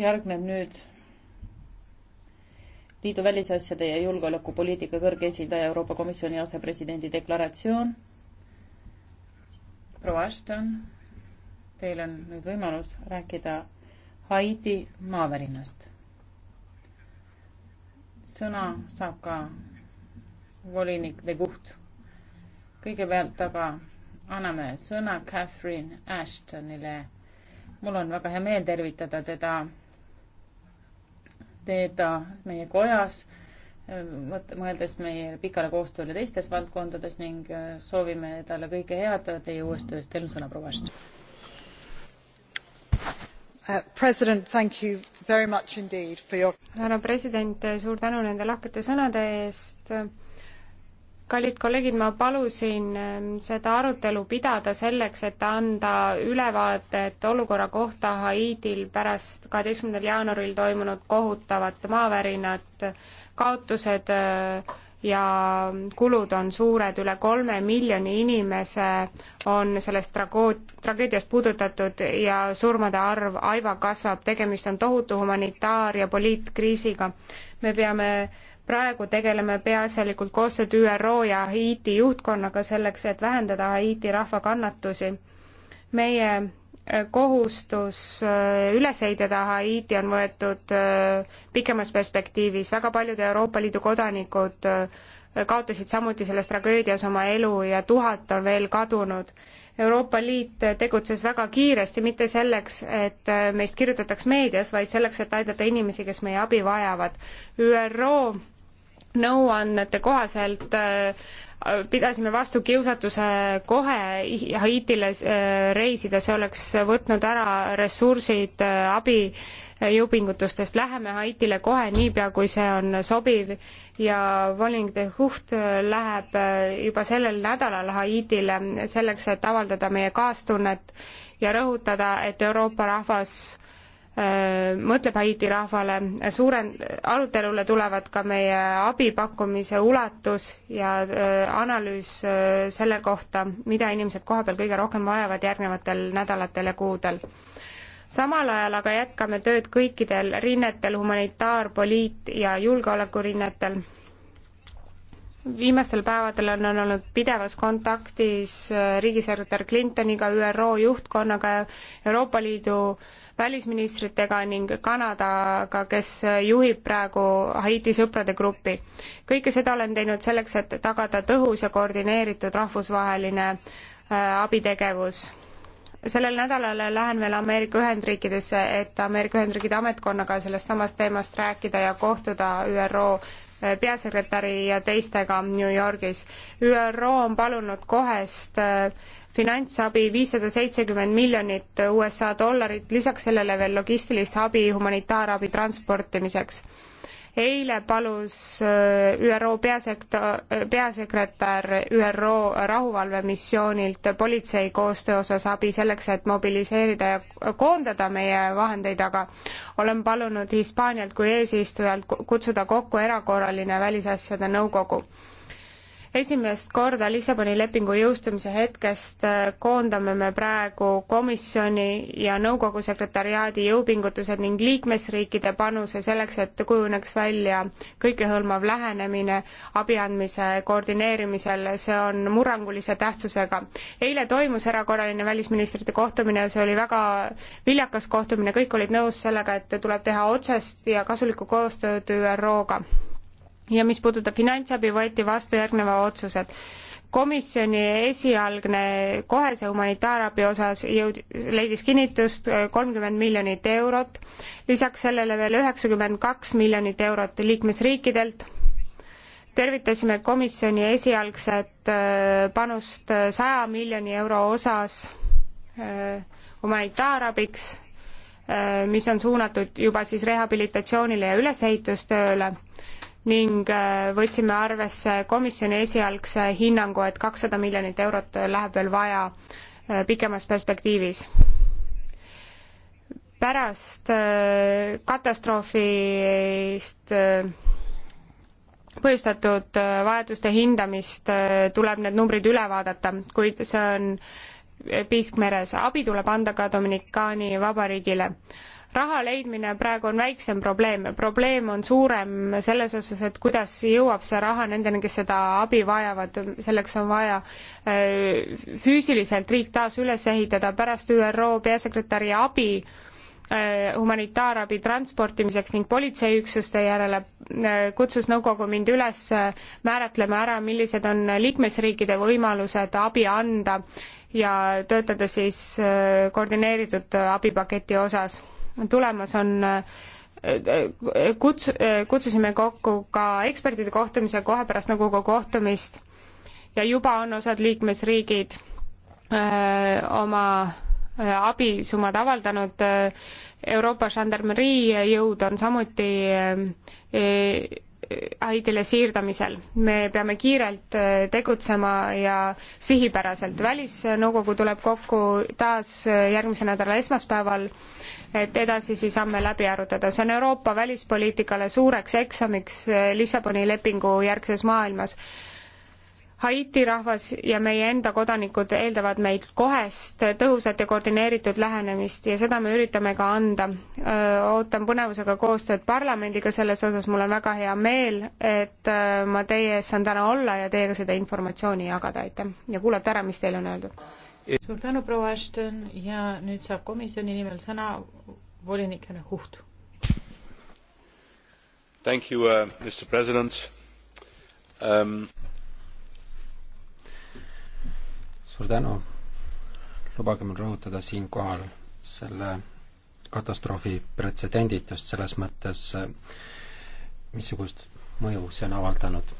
järgneb nüüd liidu välisasjade ja julgeolekupoliitika kõrge esindaja Euroopa Komisjoni asepresidendi deklaratsioon. proua Ashton, teil on nüüd võimalus rääkida Haiti maavärinast. sõna saab ka volinik De Guht. kõigepealt aga anname sõna Catherine Ashtonile. mul on väga hea meel tervitada teda teeda meie kojas, mõeldes meie pikale koostööle teistes valdkondades ning äh, soovime talle kõike head teie uues töös. Teil on sõna, proua Ashton. Uh, härra president, your... suur tänu nende lahkete sõnade eest kallid kolleegid, ma palusin ähm, seda arutelu pidada selleks, et anda ülevaadet olukorra kohta Haiidil pärast kaheteistkümnendal jaanuaril toimunud kohutavat maavärinat. kaotused äh, ja kulud on suured, üle kolme miljoni inimese on sellest tragood-, tragöödiast puudutatud ja surmade arv aiva kasvab, tegemist on tohutu humanitaar- ja poliitkriisiga. me peame äh, praegu tegeleme peaasjalikult koostööd ÜRO ja Haiti juhtkonnaga selleks, et vähendada Haiti rahva kannatusi. meie äh, kohustus äh, üles ehitada Haiti on võetud äh, pikemas perspektiivis, väga paljud Euroopa Liidu kodanikud kaotasid samuti selles tragöödias oma elu ja tuhat on veel kadunud. Euroopa Liit tegutses väga kiiresti, mitte selleks, et meist kirjutataks meedias, vaid selleks, et aidata inimesi, kes meie abi vajavad. ÜRO nõuannete kohaselt äh, pidasime vastu kiusatuse kohe Haitile äh, reisida, see oleks võtnud ära ressursid äh, abijõupingutustest. Läheme Haitile kohe, niipea kui see on sobiv ja Voling de Hucht läheb juba sellel nädalal Haitile selleks, et avaldada meie kaastunnet ja rõhutada, et Euroopa rahvas Äh, mõtleb Haiti rahvale, suurem, arutelule tulevad ka meie abipakkumise ulatus ja äh, analüüs äh, selle kohta, mida inimesed kohapeal kõige rohkem vajavad järgnevatel nädalatel ja kuudel. samal ajal aga jätkame tööd kõikidel rinnetel, humanitaar, poliit- ja julgeolekurinnetel. viimastel päevadel on olnud pidevas kontaktis riigisekretär Clintoniga, ÜRO juhtkonnaga, Euroopa Liidu äh, välisministritega ning Kanadaga, kes juhib praegu Haiti sõprade gruppi. kõike seda olen teinud selleks, et tagada tõhus ja koordineeritud rahvusvaheline äh, abitegevus sellel nädalal lähen veel Ameerika Ühendriikidesse, et Ameerika Ühendriikide ametkonnaga sellest samast teemast rääkida ja kohtuda ÜRO äh, peasekretäri ja teistega New Yorgis. ÜRO on palunud kohest äh, finantsabi viissada seitsekümmend miljonit USA dollarit, lisaks sellele veel logistilist abi humanitaarabi transportimiseks. eile palus äh, ÜRO peasekt-, äh, peasekretär ÜRO rahuvalvemissioonilt politsei koostöö osas abi selleks, et mobiliseerida ja koondada meie vahendeid, aga olen palunud Hispaanialt kui eesistujalt kutsuda kokku erakorraline välisasjade nõukogu esimest korda Lissaboni lepingu jõustumise hetkest äh, koondame me praegu komisjoni ja nõukogu sekretariaadi jõupingutused ning liikmesriikide panuse selleks, et kujuneks välja kõikehõlmav lähenemine abi andmise koordineerimisel, see on murrangulise tähtsusega. eile toimus erakorraline välisministrite kohtumine ja see oli väga viljakas kohtumine, kõik olid nõus sellega, et tuleb teha otsest ja kasulikku koostööd ÜRO-ga ja mis puudutab finantsabi, võeti vastu järgneva otsused. komisjoni esialgne kohese humanitaarabi osas jõud-, leidis kinnitust äh, kolmkümmend miljonit eurot, lisaks sellele veel üheksakümmend kaks miljonit eurot liikmesriikidelt, tervitasime komisjoni esialgset äh, panust äh, saja miljoni euro osas humanitaarabiks, mis on suunatud juba siis rehabilitatsioonile ja ülesehitustööle ning äh, võtsime arvesse komisjoni esialgse hinnangu, et kakssada miljonit eurot läheb veel vaja äh, pikemas perspektiivis. pärast äh, katastroofist põhjustatud vajaduste hindamist tuleb need numbrid üle vaadata, kuid see on piisk meres. abi tuleb anda ka Dominikaani Vabariigile raha leidmine praegu on väiksem probleem, probleem on suurem selles osas, et kuidas jõuab see raha nendeni, kes seda abi vajavad, selleks on vaja äh, füüsiliselt riik taas üles ehitada, pärast ÜRO peasekretäri abi äh, humanitaarabi transportimiseks ning politseiüksuste järele äh, kutsus nõukogu mind üles määratlema ära, millised on liikmesriikide võimalused abi anda ja töötada siis koordineeritud abipaketi osas tulemas on äh, kuts-, äh, kutsusime kokku ka ekspertide kohtumise kohe pärast nõukogu kohtumist ja juba on osad liikmesriigid öö, äh, oma abisummad avaldanud, Euroopa Gendarmerie jõud on samuti Haidile siirdamisel. me peame kiirelt tegutsema ja sihipäraselt. välisnõukogu tuleb kokku taas järgmise nädala esmaspäeval et edasisi samme läbi arutada. see on Euroopa välispoliitikale suureks eksamiks eh, Lissaboni lepingu järgses maailmas. Haiti rahvas ja meie enda kodanikud eeldavad meilt kohest tõhusat ja koordineeritud lähenemist ja seda me üritame ka anda. Eh, ootan põnevusega koostööd parlamendiga selles osas, mul on väga hea meel, et eh, ma teie ees saan täna olla ja teiega seda informatsiooni jagada, aitäh! ja kuulata ära, mis teil on öeldud suur tänu, proua Ashton ja nüüd saab komisjoni nimel sõna volinik Hanne Huht. Thank you uh,, Mr President um.... suur tänu. lubage mul rõhutada siinkohal selle katastroofi pretsedenditust selles mõttes, uh, missugust mõju see on avaldanud.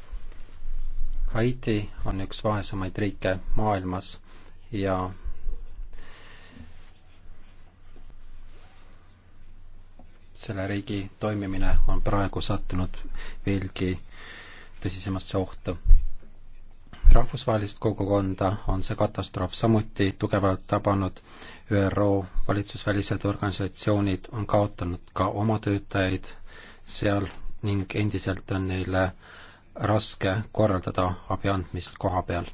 Haiti on üks vaesemaid riike maailmas ja selle riigi toimimine on praegu sattunud veelgi tõsisemasse ohtu. rahvusvahelist kogukonda on see katastroof samuti tugevalt tabanud, ÜRO valitsusvälised organisatsioonid on kaotanud ka oma töötajaid seal ning endiselt on neile raske korraldada abi andmist koha peal.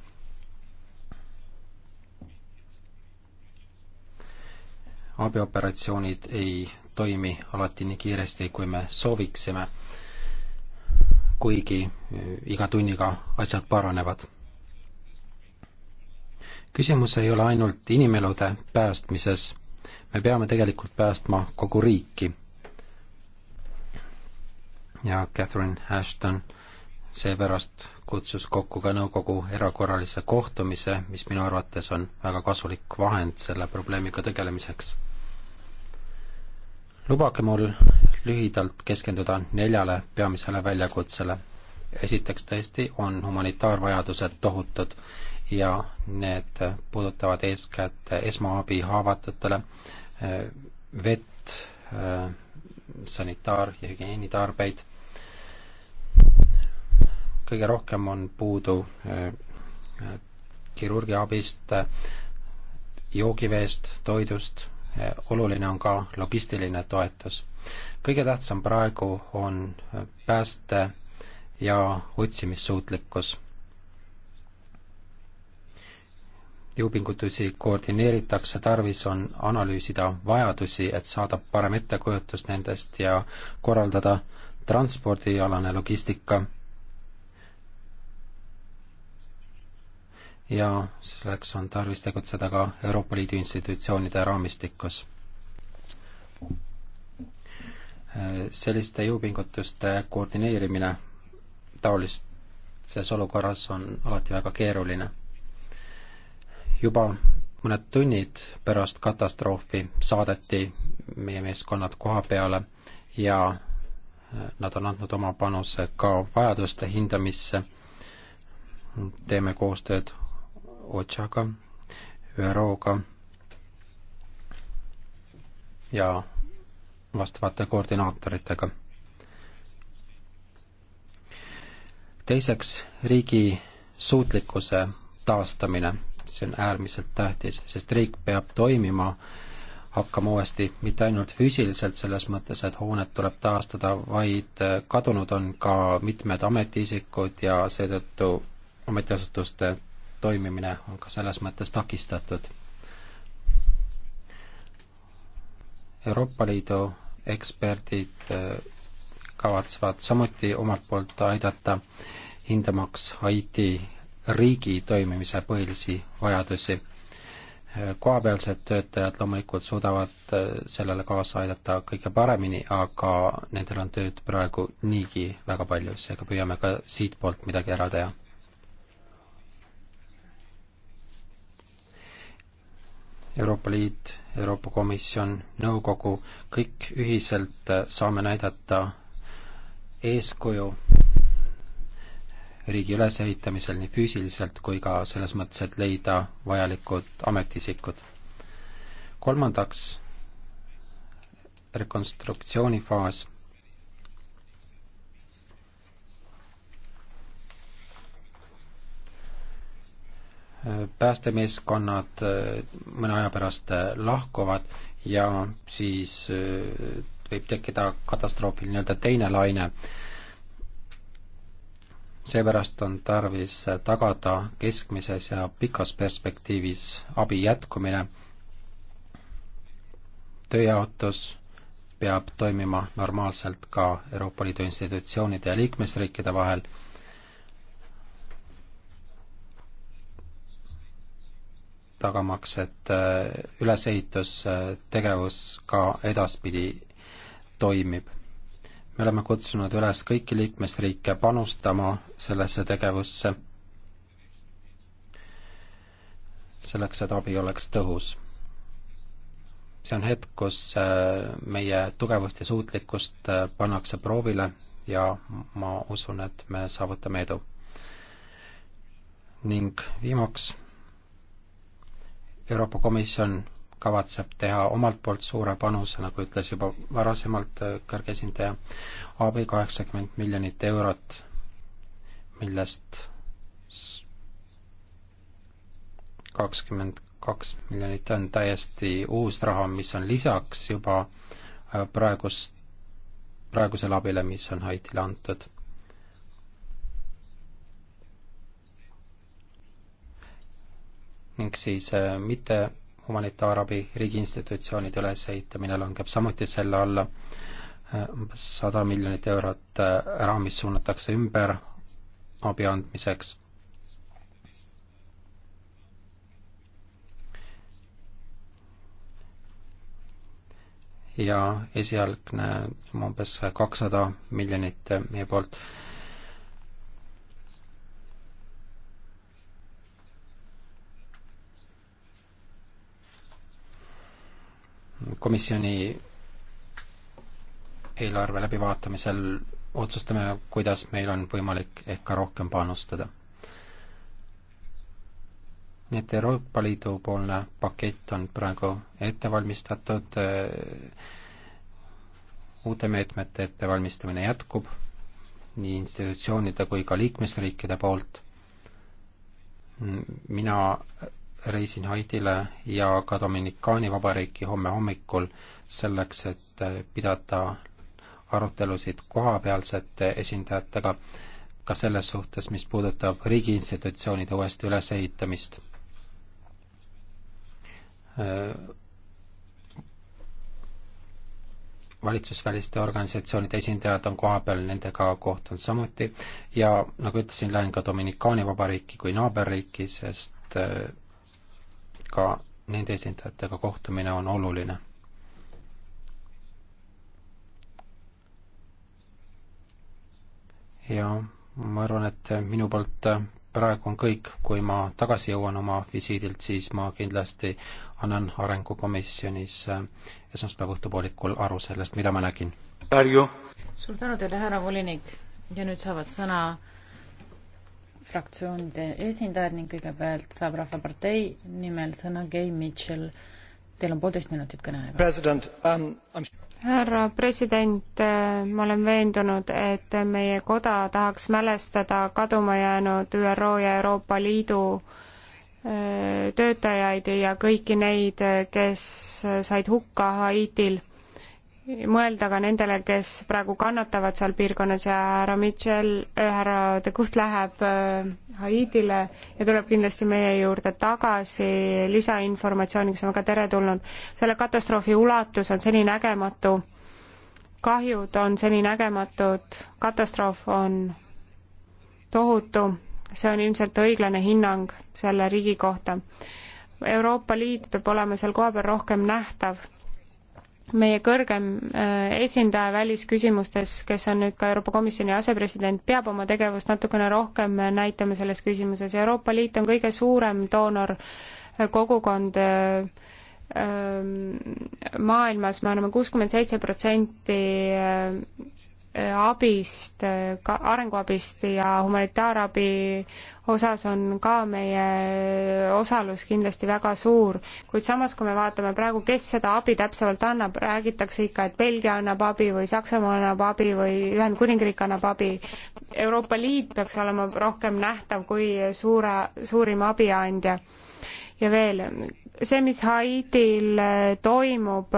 abioperatsioonid ei toimi alati nii kiiresti, kui me sooviksime, kuigi äh, iga tunniga asjad paranevad. küsimus ei ole ainult inimelude päästmises, me peame tegelikult päästma kogu riiki. ja Catherine Ashton seepärast kutsus kokku ka nõukogu erakorralise kohtumise, mis minu arvates on väga kasulik vahend selle probleemiga tegelemiseks. lubage mul lühidalt keskenduda neljale peamisele väljakutsele. esiteks tõesti on humanitaarvajadused tohutud ja need puudutavad eeskätt esmaabi haavatutele, eh, vett, eh, sanitaar- ja hügieenitarbeid kõige rohkem on puudu eh, kirurgiabist, eh, joogiveest, toidust, eh, oluline on ka logistiline toetus. kõige tähtsam praegu on pääste ja otsimissuutlikkus. jõupingutusi koordineeritakse, tarvis on analüüsida vajadusi, et saada parem ettekujutus nendest ja korraldada transpordialane logistika ja selleks on tarvis tegutseda ka Euroopa Liidu institutsioonide raamistikus. selliste jõupingutuste koordineerimine taolises olukorras on alati väga keeruline. juba mõned tunnid pärast katastroofi saadeti meie meeskonnad koha peale ja nad on andnud oma panuse ka vajaduste hindamisse. teeme koostööd OTSA-ga, ÜRO-ga ja vastavate koordinaatoritega. teiseks, riigi suutlikkuse taastamine, see on äärmiselt tähtis, sest riik peab toimima, hakkama uuesti mitte ainult füüsiliselt, selles mõttes, et hooned tuleb taastada, vaid eh, kadunud on ka mitmed ametiisikud ja seetõttu ametiasutuste toimimine on ka selles mõttes takistatud. Euroopa Liidu eksperdid äh, kavatsevad samuti omalt poolt aidata hindamaks Haiti riigi toimimise põhilisi vajadusi. Äh, kohapealsed töötajad loomulikult suudavad äh, sellele kaasa aidata kõige paremini, aga nendel on tööd praegu niigi väga palju, seega püüame ka siitpoolt midagi ära teha Euroopa Liit, Euroopa Komisjon, nõukogu, kõik ühiselt saame näidata eeskuju riigi ülesehitamisel nii füüsiliselt kui ka selles mõttes, et leida vajalikud ametiisikud. kolmandaks, rekonstruktsioonifaas päästemeeskonnad eh, mõne aja pärast eh, lahkuvad ja siis eh, võib tekkida katastroofil nii-öelda teine laine. seepärast on tarvis tagada keskmises ja pikas perspektiivis abi jätkumine. tööjaotus peab toimima normaalselt ka Euroopa Liidu institutsioonide ja liikmesriikide vahel tagamaks, et äh, ülesehitustegevus äh, ka edaspidi toimib. me oleme kutsunud üles kõiki liikmesriike panustama sellesse tegevusse, selleks, et abi oleks tõhus. see on hetk, kus äh, meie tugevust ja suutlikkust pannakse proovile ja ma usun, et me saavutame edu. ning viimaks Euroopa Komisjon kavatseb teha omalt poolt suure panuse, nagu ütles juba varasemalt äh, kõrge esindaja, abi kaheksakümmend miljonit eurot, millest kakskümmend kaks miljonit on täiesti uus raha, mis on lisaks juba äh, praegust, praegusele abile, mis on Haitile antud. ning siis äh, mitte humanitaarabi riigiinstitutsioonide ülesehitamine langeb samuti selle alla, äh, umbes sada miljonit eurot ära, äh, mis suunatakse ümber abi andmiseks ja esialgne umbes kakssada miljonit meie poolt komisjoni eelarve läbivaatamisel otsustame, kuidas meil on võimalik ehk ka rohkem panustada. nii et Euroopa Liidu poolne pakett on praegu ette valmistatud, uute meetmete ettevalmistamine jätkub nii institutsioonide kui ka liikmesriikide poolt. mina reisin Haitile ja ka Dominikaani vabariiki homme hommikul selleks, et pidada arutelusid kohapealsete esindajatega ka selles suhtes, mis puudutab riigiinstitutsioonide uuesti ülesehitamist. valitsusväliste organisatsioonide esindajad on kohapeal, nendega kohtunud samuti ja nagu ütlesin, lähen ka Dominikaani vabariiki kui naaberriiki, sest ka nende esindajatega kohtumine on oluline. ja ma arvan, et minu poolt praegu on kõik, kui ma tagasi jõuan oma visiidilt, siis ma kindlasti annan Arengukomisjonis esmaspäeva õhtupoolikul aru sellest, mida ma nägin. suur tänu teile, härra volinik, ja nüüd saavad sõna fraktsioonide esindajad ning kõigepealt saab Rahvapartei nimel sõna Gay Mitchell. Teil on poolteist minutit kõneaega. Um, härra president um,, ma olen veendunud, et meie koda tahaks mälestada kaduma jäänud ÜRO ja Euroopa Liidu äh, töötajaid ja kõiki neid, äh, kes said hukka Haitil mõelda ka nendele, kes praegu kannatavad seal piirkonnas ja härra Mitchell, äh, härra De Gucht läheb äh, Haidile ja tuleb kindlasti meie juurde tagasi lisainformatsiooniga, see on väga teretulnud. selle katastroofi ulatus on seninägematu, kahjud on seninägematud, katastroof on tohutu, see on ilmselt õiglane hinnang selle riigi kohta. Euroopa Liit peab olema seal kohapeal rohkem nähtav meie kõrgem äh, esindaja välisküsimustes, kes on nüüd ka Euroopa Komisjoni asepresident, peab oma tegevust natukene rohkem näitama selles küsimuses. Euroopa Liit on kõige suurem doonor äh, kogukond äh, maailmas, me anname kuuskümmend seitse protsenti abist, ka arenguabist ja humanitaarabi osas on ka meie osalus kindlasti väga suur, kuid samas, kui me vaatame praegu, kes seda abi täpsemalt annab, räägitakse ikka, et Belgia annab abi või Saksamaa annab abi või Ühendkuningriik annab abi. Euroopa Liit peaks olema rohkem nähtav kui suure, suurim abiandja. ja veel, see, mis Haitil toimub,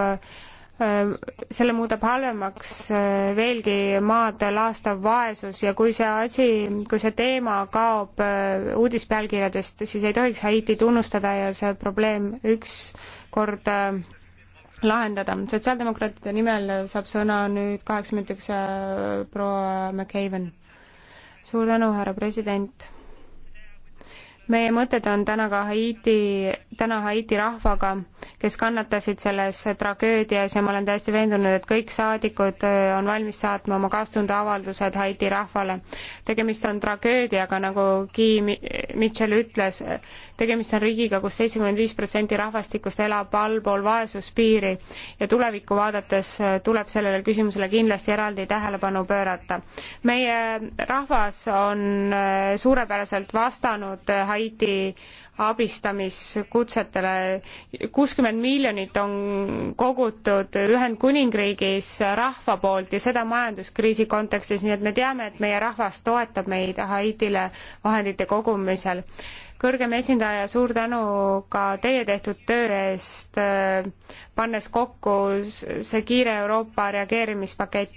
Äh, selle muudab halvemaks äh, veelgi maad laastav vaesus ja kui see asi, kui see teema kaob äh, uudispealkirjadest, siis ei tohiks Haiti tunnustada ja see probleem ükskord lahendada. sotsiaaldemokraatide nimel saab sõna nüüd kaheksa minutiks proua McCaven. suur tänu, härra president meie mõtted on täna ka Haiti, täna Haiti rahvaga, kes kannatasid selles tragöödias ja ma olen täiesti veendunud, et kõik saadikud äh, on valmis saatma oma kaastundeavaldused Haiti rahvale. tegemist on tragöödiaga, nagu Guy Mitchell ütles, tegemist on riigiga kus, kus seitsekümmend viis protsenti rahvastikust elab allpool vaesuspiiri ja tulevikku vaadates äh, tuleb sellele küsimusele kindlasti eraldi tähelepanu pöörata. meie rahvas on äh, suurepäraselt vastanud äh, Haiti abistamiskutsetele. kuuskümmend miljonit on kogutud Ühendkuningriigis rahva poolt ja seda majanduskriisi kontekstis, nii et me teame, et meie rahvas toetab meid Haitile vahendite kogumisel kõrgem esindaja, suur tänu ka teie tehtud töö eest pannes kokku see kiire Euroopa reageerimispakett.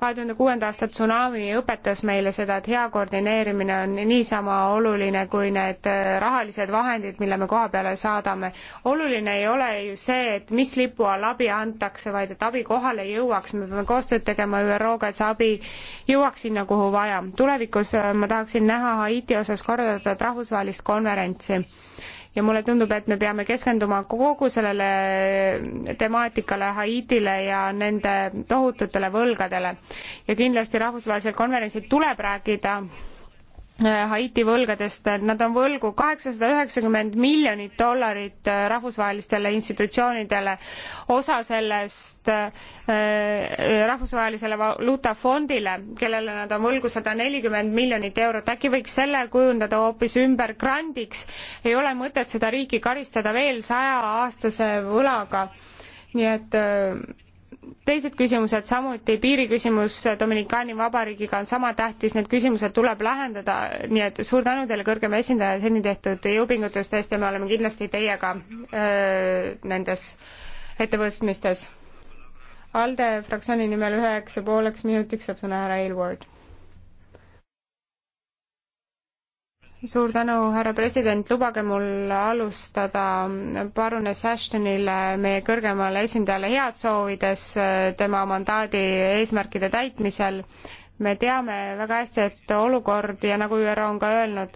kahe tuhande kuuenda aasta tsunami õpetas meile seda, et hea koordineerimine on niisama oluline kui need äh, rahalised vahendid, mille me koha peale saadame. oluline ei ole ju see, et mis lipu all abi antakse, vaid et abi kohale jõuaks, me peame koostööd tegema ÜRO-ga, et see abi jõuaks sinna, kuhu vaja. tulevikus äh, ma tahaksin näha Haiti osas korraldatud rahvusvahelist konverentsi ja mulle tundub, et me peame keskenduma kogu sellele temaatikale, Haitile ja nende tohututele võlgadele. ja kindlasti rahvusvahelisel konverentsil tuleb rääkida Äh, Haiti võlgadest, nad on võlgu kaheksasada üheksakümmend miljonit dollarit äh, rahvusvahelistele institutsioonidele. osa sellest äh, rahvusvahelisele valuutafondile, kellele nad on võlgu sada nelikümmend miljonit eurot, äkki võiks selle kujundada hoopis ümber grandiks, ei ole mõtet seda riiki karistada veel sajaaastase võlaga. nii et teised küsimused samuti, piiriküsimus Dominikaani Vabariigiga on sama tähtis, need küsimused tuleb lahendada, nii et suur tänu teile, kõrgem esindaja, seni tehtud jõupingutuste eest ja me oleme kindlasti teiega öö, nendes ettevõtmistes. ALDE fraktsiooni nimel üheks ja pooleks minutiks saab sõna härra Aylward suur tänu, härra president, lubage mul alustada parunes Ashtonile, meie kõrgemale esindajale head soovides tema mandaadi eesmärkide täitmisel. me teame väga hästi, et olukord ja nagu ÜRO on ka öelnud,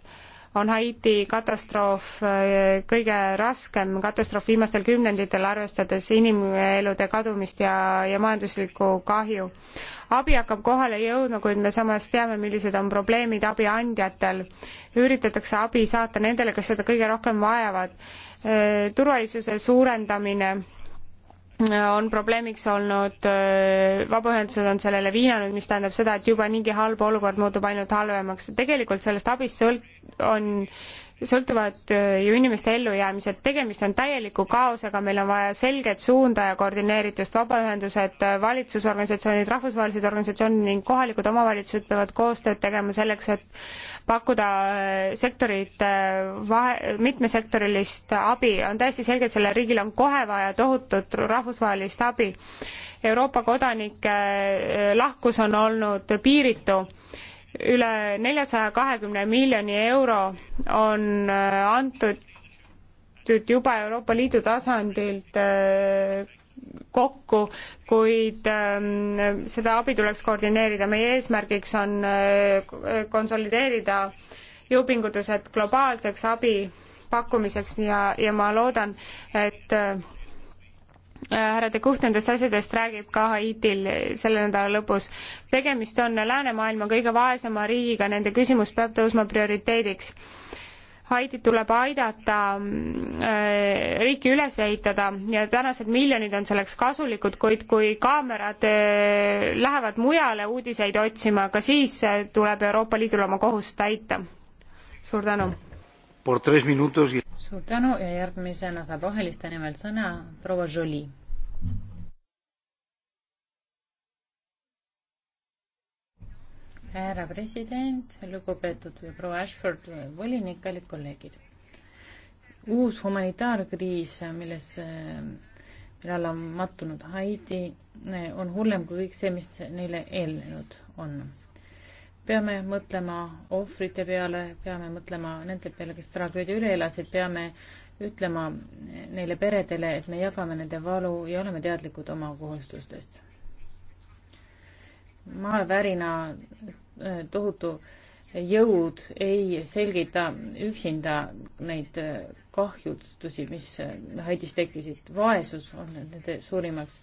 on Haiti katastroof eh, kõige raskem katastroof viimastel kümnenditel, arvestades inimelude kadumist ja, ja majanduslikku kahju abi hakkab kohale jõudma, kuid me samas teame, millised on probleemid abiandjatel. üritatakse abi saata nendele, kes seda kõige rohkem vajavad. Äh, turvalisuse suurendamine äh, on probleemiks olnud, äh, vabaühendused on sellele viinanud, mis tähendab seda, et juba niigi halb olukord muutub ainult halvemaks. tegelikult sellest abist sõlt-, on sõltuvad äh, ju inimeste ellujäämised, tegemist on täieliku kaosega, meil on vaja selget suunda ja koordineeritust, vabaühendused, äh, valitsusorganisatsioonid, rahvusvahelised organisatsioonid ning kohalikud omavalitsused peavad koostööd tegema selleks, et pakkuda äh, sektorite vahe, mitmesektorilist abi, on täiesti selge, sellel riigil on kohe vaja tohutut rahvusvahelist abi. Euroopa kodanike lahkus on olnud piiritu üle neljasaja kahekümne miljoni euro on äh, antud juba Euroopa Liidu tasandilt äh, kokku, kuid ähm, seda abi tuleks koordineerida. meie eesmärgiks on äh, konsolideerida jõupingutused globaalseks abi pakkumiseks ja, ja ma loodan, et härra De Kuht nendest asjadest räägib ka Haitil selle nädala lõpus. tegemist on läänemaailma kõige vaesema riigiga, nende küsimus peab tõusma prioriteediks. Haitit tuleb aidata äh, riiki üles ehitada ja tänased miljonid on selleks kasulikud, kuid kui kaamerad äh, lähevad mujale uudiseid otsima, ka siis äh, tuleb Euroopa Liidul oma kohust täita. suur tänu. por tres minutos y suur tänu ja järgmisena saab roheliste nimel sõna proua Jolie. härra president, lugupeetud proua Ashford, volinik, kallid kolleegid. uus humanitaarkriis, milles, mille alla on mattunud Haiti, on hullem kui kõik see, mis neile eelnenud on peame mõtlema ohvrite peale, peame mõtlema nende peale, kes tragöödia üle elasid, peame ütlema neile peredele, et me jagame nende valu ja oleme teadlikud oma kohustustest. maevärina äh, tohutu jõud ei selgita üksinda neid äh, kahjustusi, mis äh, Haidis tekkisid. vaesus on nende suurimaks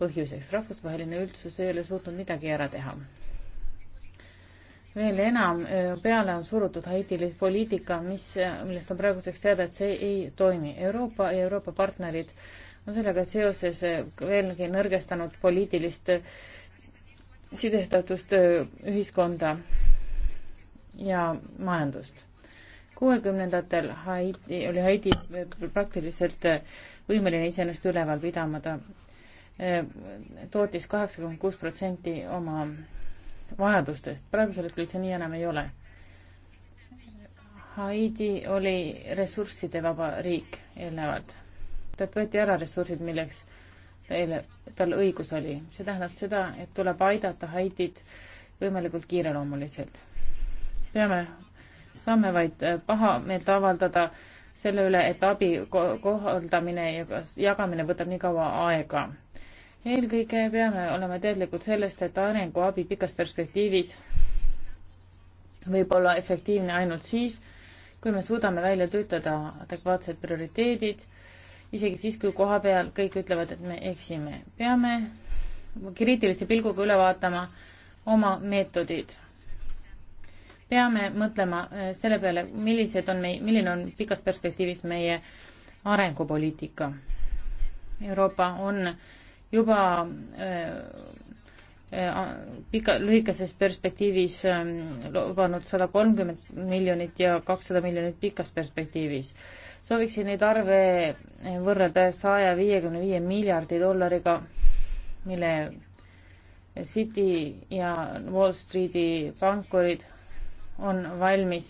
põhjuseks. rahvusvaheline üldsus ei ole suutnud midagi ära teha veel enam peale on surutud Haitile poliitika, mis, millest on praeguseks teada, et see ei toimi. Euroopa ja Euroopa partnerid on sellega seoses veelgi nõrgestanud poliitilist sidestatust ühiskonda ja majandust. kuuekümnendatel Haiti, oli Haiti praktiliselt võimeline iseennast üleval pidama, ta tootis kaheksakümmend kuus protsenti oma vajadustest, praegusel hetkel see nii enam ei ole. Haiti oli ressursside vaba riik eelnevalt. talt võeti ära ressursid, milleks teile, tal õigus oli. see tähendab seda, et tuleb aidata Haitit võimalikult kiireloomuliselt. peame, saame vaid pahameelt avaldada selle üle, et abi kohaldamine ja jagamine võtab nii kaua aega eelkõige peame olema teadlikud sellest, et arenguabi pikas perspektiivis võib olla efektiivne ainult siis, kui me suudame välja töötada adekvaatsed prioriteedid, isegi siis, kui koha peal kõik ütlevad, et me eksime. peame kriitilise pilguga üle vaatama oma meetodid. peame mõtlema eh, selle peale, millised on meie, milline on pikas perspektiivis meie arengupoliitika. Euroopa on juba äh, äh, pika, lühikeses perspektiivis ähm, lubanud sada kolmkümmend miljonit ja kakssada miljonit pikas perspektiivis. sooviksin neid arve võrrelda saja viiekümne viie miljardi dollariga, mille City ja Wall Streeti pankurid on valmis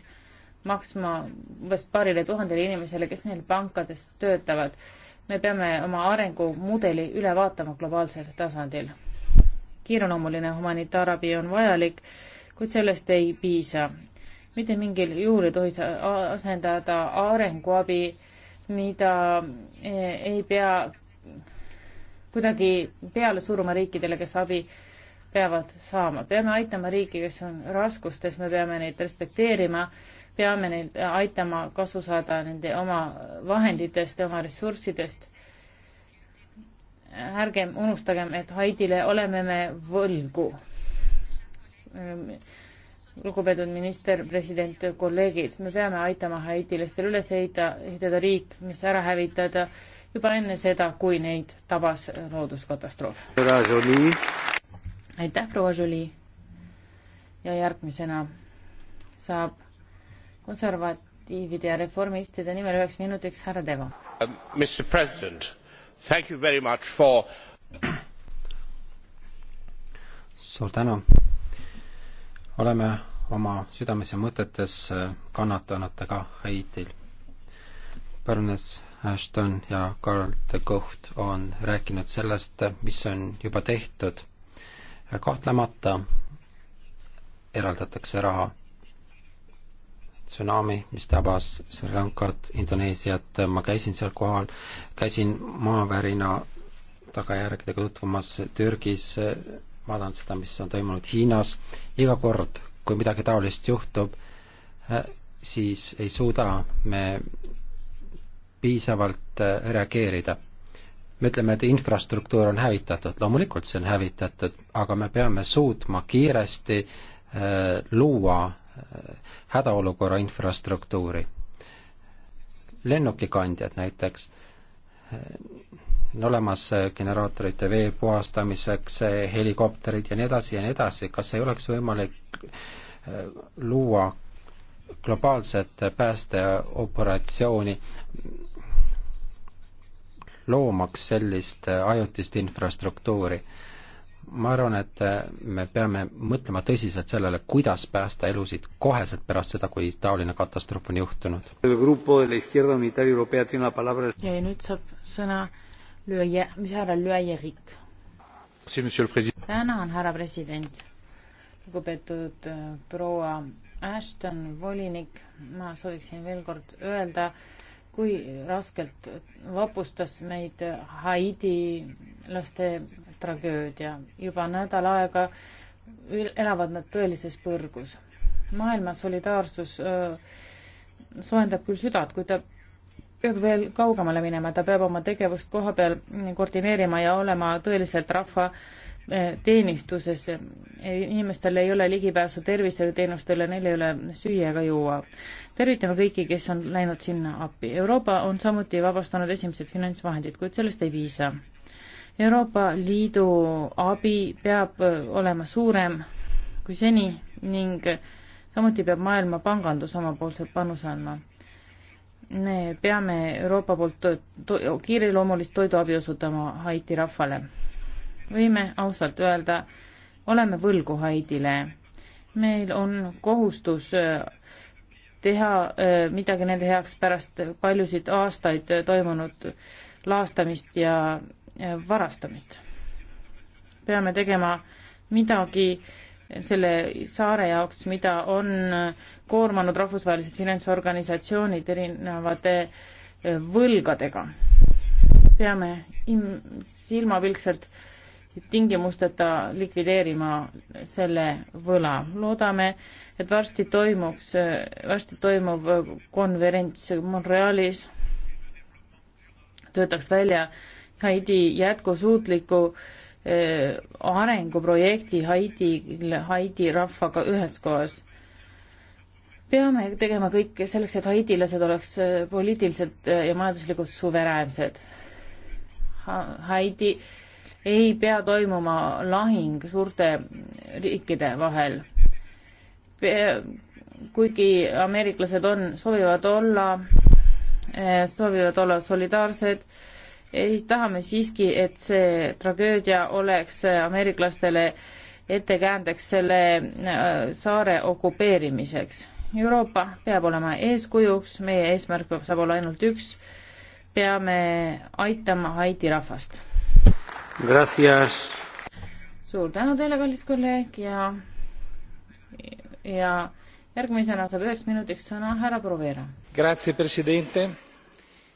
maksma umbes paarile tuhandele inimesele, kes neil pankades töötavad me peame oma arengumudeli üle vaatama globaalsel tasandil. kiireloomuline humanitaarabi on vajalik, kuid sellest ei piisa. mitte mingil juhul ei tohi asendada arenguabi, mida e, ei pea kuidagi peale suruma riikidele, kes abi peavad saama. peame aitama riiki, kes on raskustes, me peame neid respekteerima peame neid aitama kasu saada nende oma vahenditest ja oma ressurssidest. ärgem unustagem, et Haidile oleme me võlgu. lugupeetud minister, president, kolleegid, me peame aitama haidilastel üles ehita, ehitada riik, mis ära hävitada juba enne seda, kui neid tabas looduskatastroof. aitäh, proua Jolie! ja järgmisena saab konservatiivide ja reformistide nimel üheks minutiks härra Deva. Mr um, President, thank you very much for suur tänu. oleme oma südames ja mõtetes äh, kannatanutega Haitil. Barnes Ashton ja Karl de Gucht on rääkinud sellest, mis on juba tehtud. kahtlemata eraldatakse raha tsunami, mis tabas Sri Lankat, Indoneesiat, ma käisin seal kohal, käisin maavärina tagajärgedega tutvumas Türgis, vaadanud seda, mis on toimunud Hiinas, iga kord, kui midagi taolist juhtub, äh, siis ei suuda me piisavalt äh, reageerida me ütleme, et infrastruktuur on hävitatud, loomulikult see on hävitatud, aga me peame suutma kiiresti äh, luua äh, hädaolukorra infrastruktuuri. lennukikandjad näiteks, on olemas generaatorite vee puhastamiseks, helikopterid ja nii edasi ja nii edasi, kas ei oleks võimalik äh, luua globaalset päästeoperatsiooni, loomaks sellist ajutist infrastruktuuri ma arvan, et äh, me peame mõtlema tõsiselt sellele, kuidas päästa elusid koheselt pärast seda, kui taoline katastroof on juhtunud. ja nüüd saab sõna lüüa, mis härra Lüüa-Järik. tänan, härra president. lugupeetud äh, proua Ashton, volinik, ma sooviksin veel kord öelda, kui raskelt vapustas meid Haidi laste tragöödia. juba nädal aega elavad nad tõelises põrgus. maailma solidaarsus öö, soojendab küll südant, kuid ta peab veel kaugemale minema, ta peab oma tegevust koha peal koordineerima ja olema tõeliselt rahva teenistuses. inimestel ei ole ligipääsu terviseteenustele, neil ei ole süüa ega juua. tervitame kõiki, kes on läinud sinna appi. Euroopa on samuti vabastanud esimesed finantsvahendid, kuid sellest ei piisa Euroopa Liidu abi peab äh, olema suurem kui seni ning samuti peab Maailma Pangandus omapoolse panuse andma. me peame Euroopa poolt to to kiireloomulist toiduabi osutama Haiti rahvale. võime ausalt öelda, oleme võlgu Haidile. meil on kohustus äh, teha äh, midagi nende heaks pärast paljusid aastaid toimunud laastamist ja Äh, varastamist. peame tegema midagi selle saare jaoks, mida on koormanud rahvusvahelised finantsorganisatsioonid erinevate äh, võlgadega. peame silmapilkselt tingimusteta likvideerima selle võla. loodame, et varsti toimuks, äh, varsti toimuv konverents Montrealis töötaks välja Haidi jätkusuutliku eh, arenguprojekti Haidil, Haidi rahvaga üheskoos. peame tegema kõik selleks, et haidilased oleks eh, poliitiliselt eh, ja majanduslikult suveräänsed. Haidi ei pea toimuma lahing suurte riikide vahel. kuigi ameeriklased on, soovivad olla, soovivad olla solidaarsed ei, tahame siiski, et see tragöödia oleks ameeriklastele ettekäändeks selle äh, saare okupeerimiseks. Euroopa peab olema eeskujuks, meie eesmärk peab, saab olla ainult üks, peame aitama Haiti rahvast. suur tänu teile, kallis kolleeg ja, ja järgmisena saab üheks minutiks sõna härra Provera. Grazie, president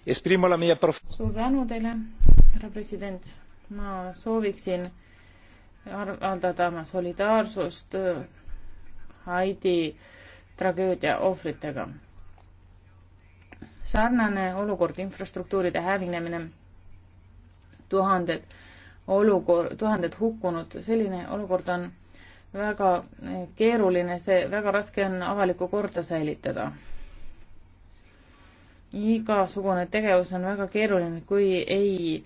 esprimo la mia prof-. suur tänu teile, härra president. ma sooviksin avaldada oma solidaarsust äh, Haidi tragöödia ohvritega. sarnane olukord, infrastruktuuride hävinemine, tuhanded olukord, tuhanded hukkunud, selline olukord on väga keeruline, see väga raske on avalikku korda säilitada igasugune tegevus on väga keeruline, kui ei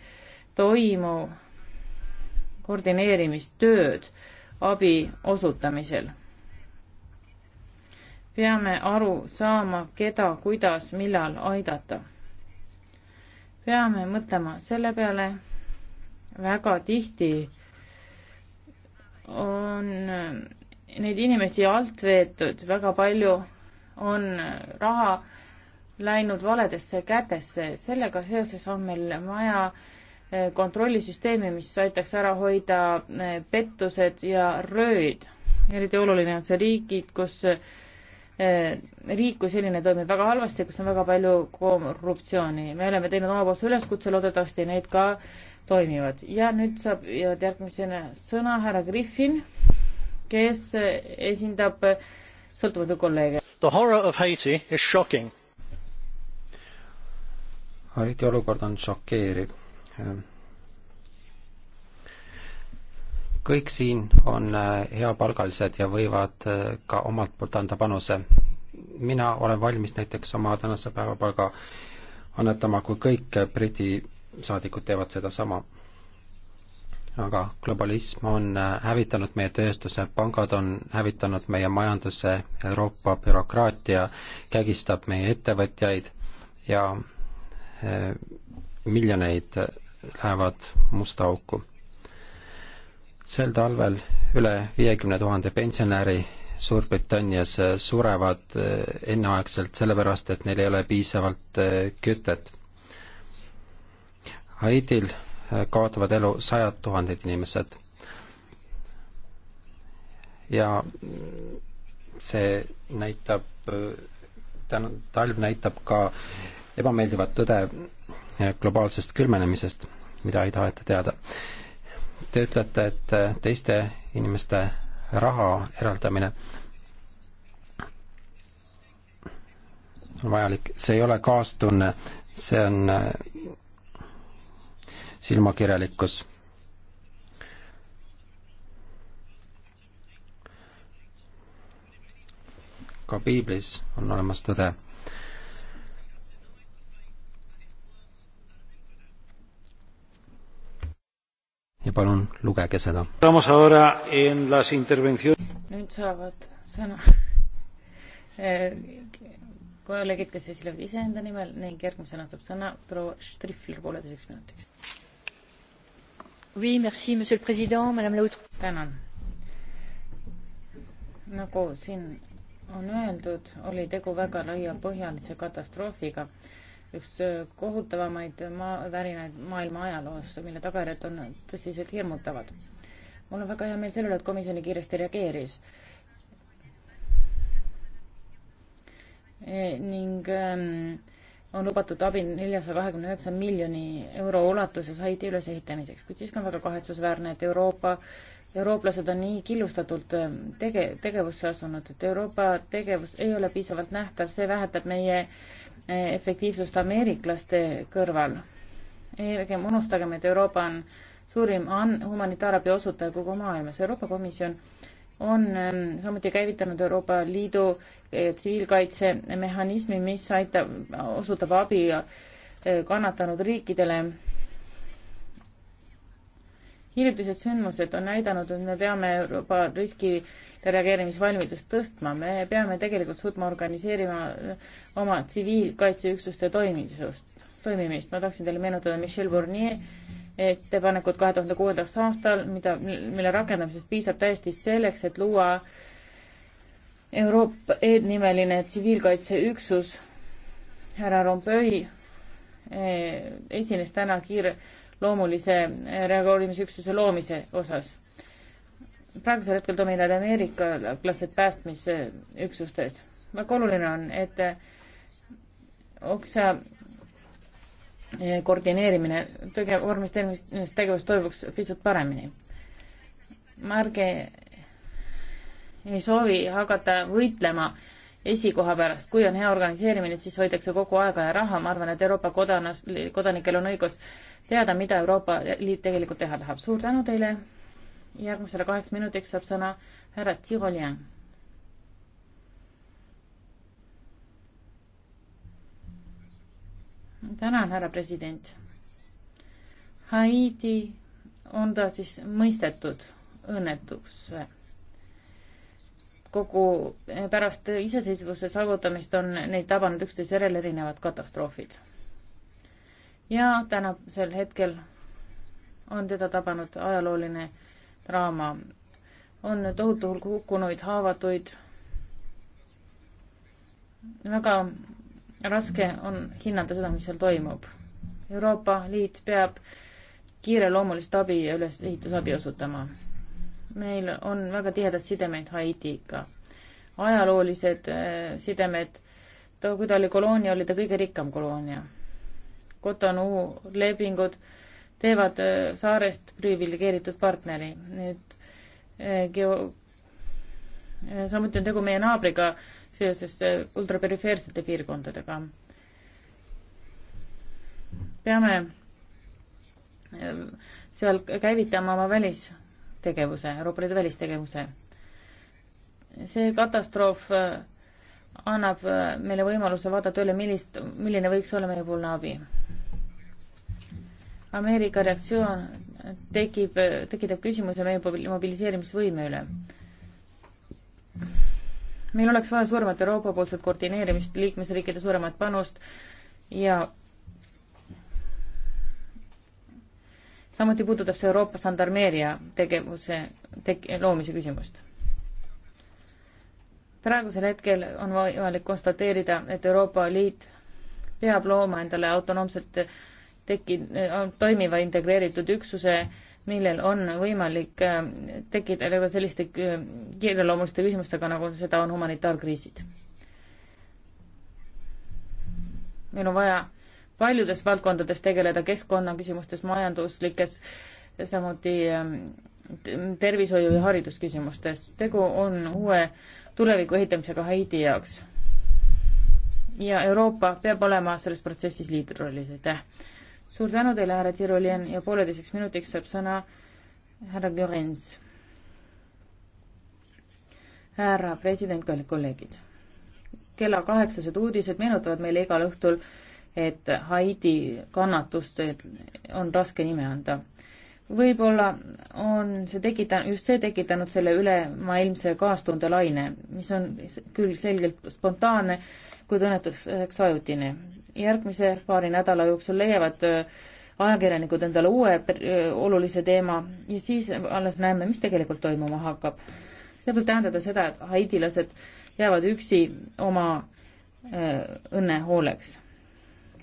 toimu koordineerimistööd abi osutamisel. peame aru saama, keda, kuidas, millal aidata. peame mõtlema selle peale, väga tihti on neid inimesi alt veetud, väga palju on raha läinud valedesse kätesse. sellega seoses on meil vaja eh, kontrollisüsteemi, mis aitaks ära hoida eh, pettused ja röövid. eriti oluline on see riigid, kus eh, riik kui selline toimib väga halvasti, kus on väga palju korruptsiooni. me oleme teinud omapoolse üleskutse, loodetavasti need ka toimivad. ja nüüd saab järgmisena sõna härra Griffin, kes esindab sõltumatu kolleege. The horror of Haiti is shocking eriti olukord on šokeeriv. kõik siin on äh, heapalgalised ja võivad äh, ka omalt poolt anda panuse. mina olen valmis näiteks oma tänase päevapalga annetama, kui kõik Briti saadikud teevad sedasama. aga globalism on äh, hävitanud meie tööstuse, pangad on hävitanud meie majanduse, Euroopa bürokraatia kägistab meie ettevõtjaid ja Eh, miljoneid eh, lähevad musta auku. sel talvel üle viiekümne tuhande pensionäri Suurbritannias eh, surevad enneaegselt sellepärast, et neil ei ole piisavalt kütet. Haitil kaotavad elu sajad tuhanded inimesed. ja mm, see näitab, tänu, talv näitab ka ebameeldivat tõde globaalsest külmenemisest, mida ei taheta teada. Te ütlete, et teiste inimeste raha eraldamine on vajalik, see ei ole kaastunne, see on silmakirjalikkus. ka piiblis on olemas tõde ja palun lugege seda. nüüd saavad sõna eh, kolleegid, kes esilevad iseenda nimel ning järgmisena saab sõna proua Strihler pooleteiseks minutiks. Oui, merci, monsieur le president, madame la haute. tänan. nagu siin on öeldud, oli tegu väga laiapõhjalise katastroofiga üks äh, kohutavamaid maa, värinaid maailma ajaloos, mille tagajärjed on tõsiselt hirmutavad. mul on väga hea meel selle üle, et komisjon kiiresti reageeris e. ning ähm, on lubatud abi neljasaja kahekümne üheksa miljoni euro ulatuses Haiti ülesehitamiseks, kuid siiski on väga kahetsusväärne, et Euroopa, eurooplased on nii killustatult ähm, tege-, tegevusse asunud, et Euroopa tegevus ei ole piisavalt nähtav, see vähendab meie äh, efektiivsust ameeriklaste kõrval. ärgem unustagem, et Euroopa on suurim humanitaarabi osutaja kogu maailmas. Euroopa Komisjon on ähm, samuti käivitanud Euroopa Liidu äh, tsiviilkaitsemehhanismi, mis aitab, osutab abi äh, kannatanud riikidele hiljutised sündmused on näidanud, et me peame Euroopa riski reageerimisvalmidust tõstma, me peame tegelikult suutma organiseerima oma tsiviilkaitseüksuste toimisust, toimimist. ma tahaksin teile meenutada Michel Bournier ettepanekut kahe tuhande kuuendaks aastal, mida, mille rakendamisest piisab täiesti selleks, et luua Euroopa eednimeline tsiviilkaitseüksus. härra Rompuy eh, esines täna kiire loomulise reageerimisüksuse loomise osas. praegusel hetkel domineerivad ameeriklased päästmisüksustes. väga oluline on, et oksa koordineerimine tege-, vormisteenimist tegevus toimuks pisut paremini. märge ei soovi hakata võitlema esikoha pärast, kui on hea organiseerimine, siis hoitakse kogu aega ja raha, ma arvan, et Euroopa kodanas, kodanikel on õigus äh, teada, mida Euroopa Liit tegelikult teha tahab. suur tänu teile. järgmisele kaheks minutiks saab sõna härra Tirolien. tänan, härra president. Haiti on ta siis mõistetud õnnetuks kogu pärast iseseisvuse saavutamist on neid tabanud üksteise järel erinevad katastroofid ja tänasel hetkel on teda tabanud ajalooline draama. on tohutu hulk hukkunuid, haavatuid. väga raske on hinnata seda, mis seal toimub. Euroopa Liit peab kiireloomulist abi ja ülesehitusabi osutama. meil on väga tihedad sidemed Haitiga, ajaloolised eh, sidemed, ta, kui ta oli koloonia, oli ta kõige rikkam koloonia Cotonou lepingud teevad äh, saarest priviligeeritud partneri. nüüd äh, geo-, äh, samuti on tegu meie naabriga seoses ultraperifeersete piirkondadega. peame seal käivitama oma välistegevuse, Euroopa Liidu välistegevuse. see katastroof annab meile võimaluse vaadata üle, millist, milline võiks olla meiepoolne abi Ameerika reaktsioon tekib, tekitab küsimuse meie mobiliseerimisvõime üle. meil oleks vaja suuremat Euroopa-poolset koordineerimist, liikmesriikide suuremat panust ja samuti puudutab see Euroopa sandarmeeria tegevuse tek-, loomise küsimust. praegusel hetkel on võimalik konstateerida, et Euroopa Liit peab looma endale autonoomselt tekki-, toimiva integreeritud üksuse, millel on võimalik äh, tekitada selliste äh, kiireloomuliste küsimustega, nagu seda on humanitaarkriisid. meil on vaja paljudes valdkondades tegeleda keskkonnaküsimustes, majanduslikes, samuti ähm, tervishoiu ja haridusküsimustes. tegu on uue tuleviku ehitamisega Haiti jaoks. ja Euroopa peab olema selles protsessis liidrirollis, aitäh suur tänu teile, härra Tirolien ja pooleteiseks minutiks saab sõna härra Görens. härra president, kallid kolleegid. kella kaheksased uudised meenutavad meile igal õhtul, et Haiti kannatust on raske nime anda võib-olla on see tekitanud, just see tekitanud selle ülemaailmse kaastundelaine, mis on küll selgelt spontaanne, kuid õnnetuseks ajutine järgmise paari nädala jooksul leiavad äh, ajakirjanikud endale uue äh, olulise teema ja siis alles näeme, mis tegelikult toimuma hakkab. see võib tähendada seda, et haidilased jäävad üksi oma äh, õnne hooleks.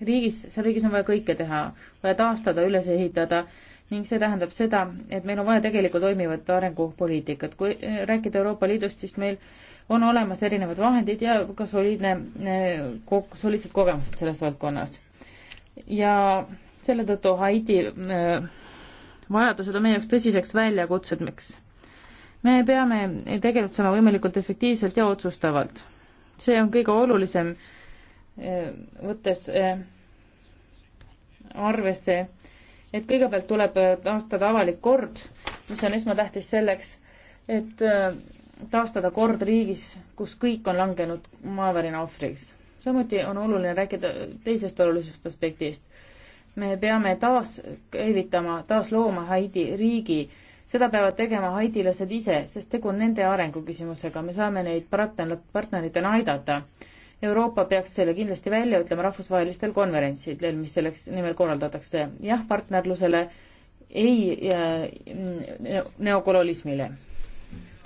riigis, seal riigis on vaja kõike teha, vaja taastada, üles ehitada ning see tähendab seda, et meil on vaja tegelikult toimivat arengupoliitikat. kui rääkida Euroopa Liidust, siis meil äh, on olemas erinevad vahendid ja ka soliidne, soliidsed kogemused selles valdkonnas. ja selle tõttu Haiti äh, vajadused on meie jaoks tõsiseks väljakutsedeks. me peame tegutsema võimalikult efektiivselt ja otsustavalt. see on kõige olulisem, äh, võttes äh, arvesse, et kõigepealt tuleb taastada avalik kord, mis on esmatähtis selleks, et taastada kord riigis, kus kõik on langenud maavärina ohvriks. samuti on oluline rääkida teisest olulisest aspektist. me peame taaskäivitama, taaslooma Haiti riigi. seda peavad tegema haidilased ise, sest tegu on nende arengu küsimusega, me saame neid partner, partneritena aidata. Euroopa peaks selle kindlasti välja ütlema rahvusvahelistel konverentsidel, mis selleks nimel korraldatakse. jah, partnerlusele, ei äh, neokolonismile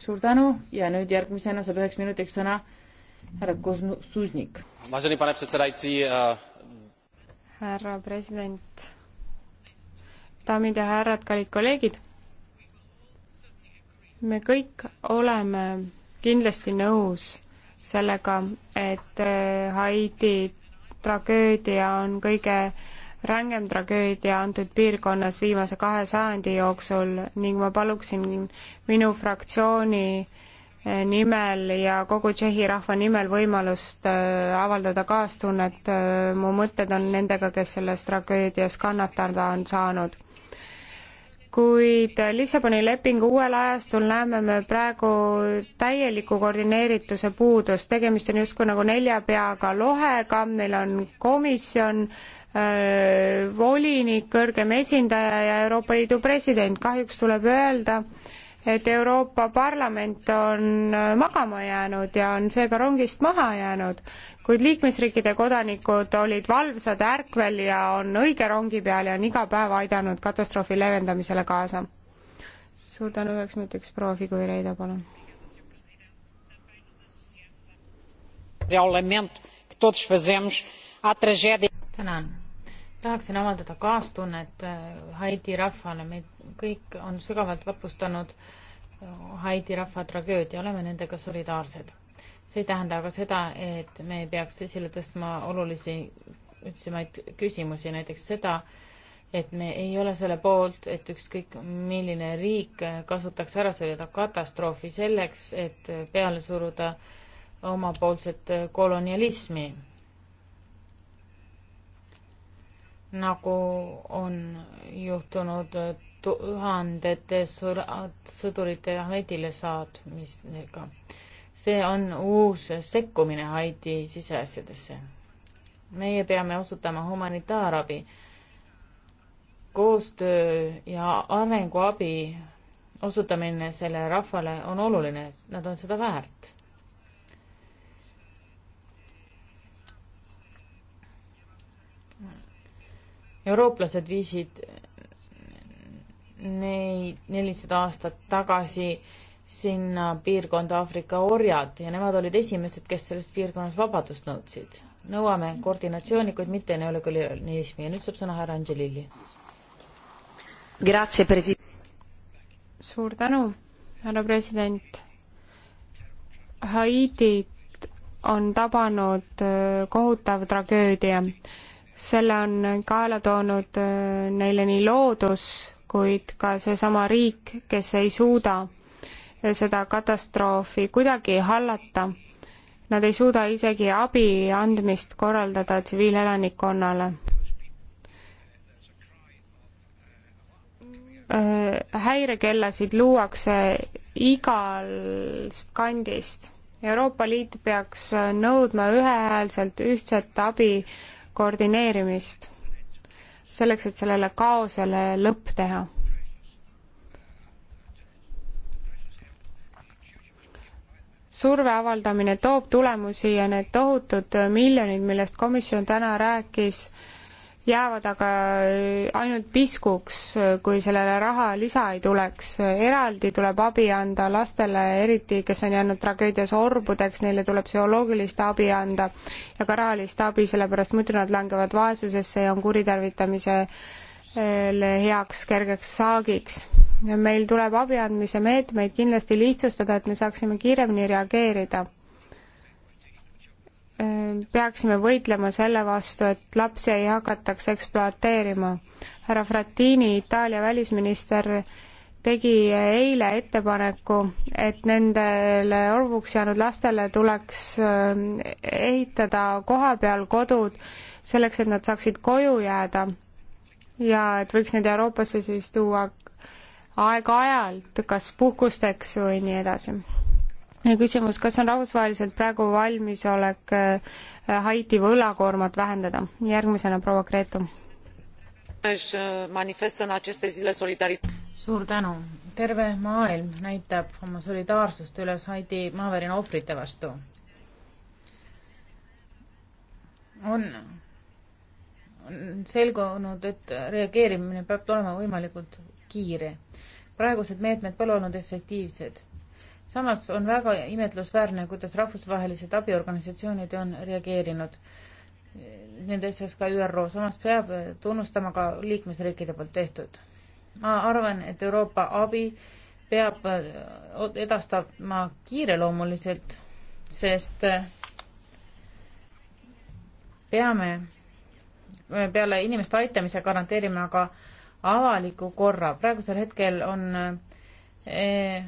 suur tänu ja nüüd järgmisena saab üheks minutiks sõna härra Kozmusnik. Eh, härra president, daamid ja härrad, kallid kolleegid. me kõik oleme kindlasti nõus sellega, et eh, Haidi tragöödia on kõige äh, rängem tragöödia antud piirkonnas viimase kahe sajandi jooksul ning ma paluksin minu fraktsiooni eh, nimel ja kogu Tšehhi rahva nimel võimalust eh, avaldada kaastunnet. Eh, mu mõtted on nendega, kes selles tragöödias kannatada on saanud kuid Lissaboni lepingu uuel ajastul näeme me praegu täieliku koordineerituse puudust, tegemist on justkui nagu nelja peaga lohega, meil on komisjon, äh, volinik, kõrgem esindaja ja Euroopa Liidu president, kahjuks tuleb öelda, et Euroopa Parlament on magama jäänud ja on seega rongist maha jäänud, kuid liikmesriikide kodanikud olid valvsad ärkvel ja on õige rongi peal ja on iga päev aidanud katastroofi leevendamisele kaasa. suur tänu üheks minutiks, proua Figueiredo, palun. tänan tahaksin avaldada kaastunnet äh, Haiti rahvale, meid kõik on sügavalt vapustanud äh, Haiti rahva tragöödia, oleme nendega solidaarsed. see ei tähenda aga seda, et me ei peaks esile tõstma olulisi, üldisemaid küsimusi, näiteks seda, et me ei ole selle poolt, et ükskõik milline riik kasutaks ära selle katastroofi selleks, et peale suruda omapoolset kolonialismi nagu on juhtunud tuhandete sõdurite Haitile saatmisega. see on uus sekkumine Haiti siseasjadesse. meie peame osutama humanitaarabi, koostöö ja arenguabi osutamine sellele rahvale on oluline, nad on seda väärt eurooplased viisid neid nelisada aastat tagasi sinna piirkonda Aafrika orjad ja nemad olid esimesed, kes selles piirkonnas vabadust nõudsid. nõuame koordinatsiooni, kuid mitte neoliberalismi ja nüüd saab sõna härra Angelilli. suur tänu, härra president. Haitit on tabanud äh, kohutav tragöödia selle on kaela toonud äh, neile nii loodus, kuid ka seesama riik, kes ei suuda äh, seda katastroofi kuidagi hallata. Nad ei suuda isegi abi andmist korraldada tsiviilelanikkonnale. Äh, häirekellasid luuakse igast kandist. Euroopa Liit peaks nõudma ühehäälselt ühtset abi äh, koordineerimist selleks, et sellele kaosele lõpp teha. surve avaldamine toob tulemusi ja need tohutud miljonid, millest komisjon täna rääkis, jäävad aga äh, ainult piskuks, äh, kui sellele raha lisa ei tuleks. eraldi tuleb abi anda lastele, eriti kes on jäänud tragöödias orbudeks, neile tuleb psühholoogilist abi anda ja ka rahalist abi, sellepärast muidu nad langevad vaesusesse ja on kuritarvitamisele äh, heaks kergeks saagiks. meil tuleb abi andmise meetmeid kindlasti lihtsustada, et me saaksime kiiremini reageerida peaksime võitlema selle vastu, et lapsi ei hakataks ekspluateerima. härra Frattini, Itaalia välisminister, tegi eile ettepaneku, et nendele orvuks jäänud lastele tuleks äh, ehitada kohapeal kodud selleks, et nad saaksid koju jääda ja et võiks neid Euroopasse siis tuua aeg-ajalt, kas puhkusteks või nii edasi küsimus, kas on rahvusvaheliselt praegu valmisolek äh, Haiti võlakoormat vähendada? järgmisena proua Gretu. suur tänu. terve maailm näitab oma solidaarsust üles Haiti maavärina ohvrite vastu. on, on selgunud, et reageerimine peab olema võimalikult kiire. praegused meetmed pole olnud efektiivsed samas on väga imetlusväärne, kuidas rahvusvahelised abiorganisatsioonid on reageerinud nende asjas ka ÜRO, samas peab tunnustama ka liikmesriikide poolt tehtud. ma arvan, et Euroopa abi peab äh, edastama kiireloomuliselt, sest äh, peame äh, peale inimeste aitamise garanteerima ka avaliku korra. praegusel hetkel on eh,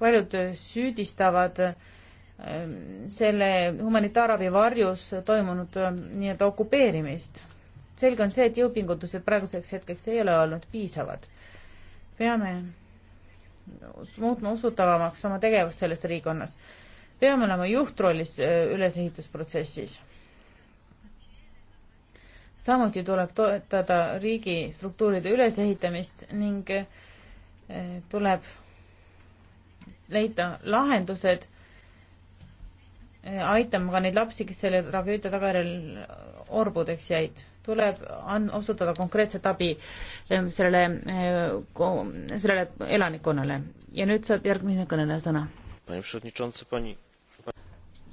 paljud süüdistavad ähm, selle humanitaarabi varjus toimunud ähm, nii-öelda okupeerimist. selge on see, et jõupingutused praeguseks hetkeks ei ole olnud piisavad. peame muutma usutavamaks oma tegevust selles riigkonnas. peame olema juhtrollis äh, ülesehitusprotsessis. samuti tuleb toetada riigi struktuuride ülesehitamist ning äh, tuleb leida lahendused, aitama ka neid lapsi, kes selle tragöödia tagajärjel orbudeks jäid. tuleb on-, osutada konkreetset abi eh, sellele, eh, sellele elanikkonnale. ja nüüd saab järgmine kõneleja sõna.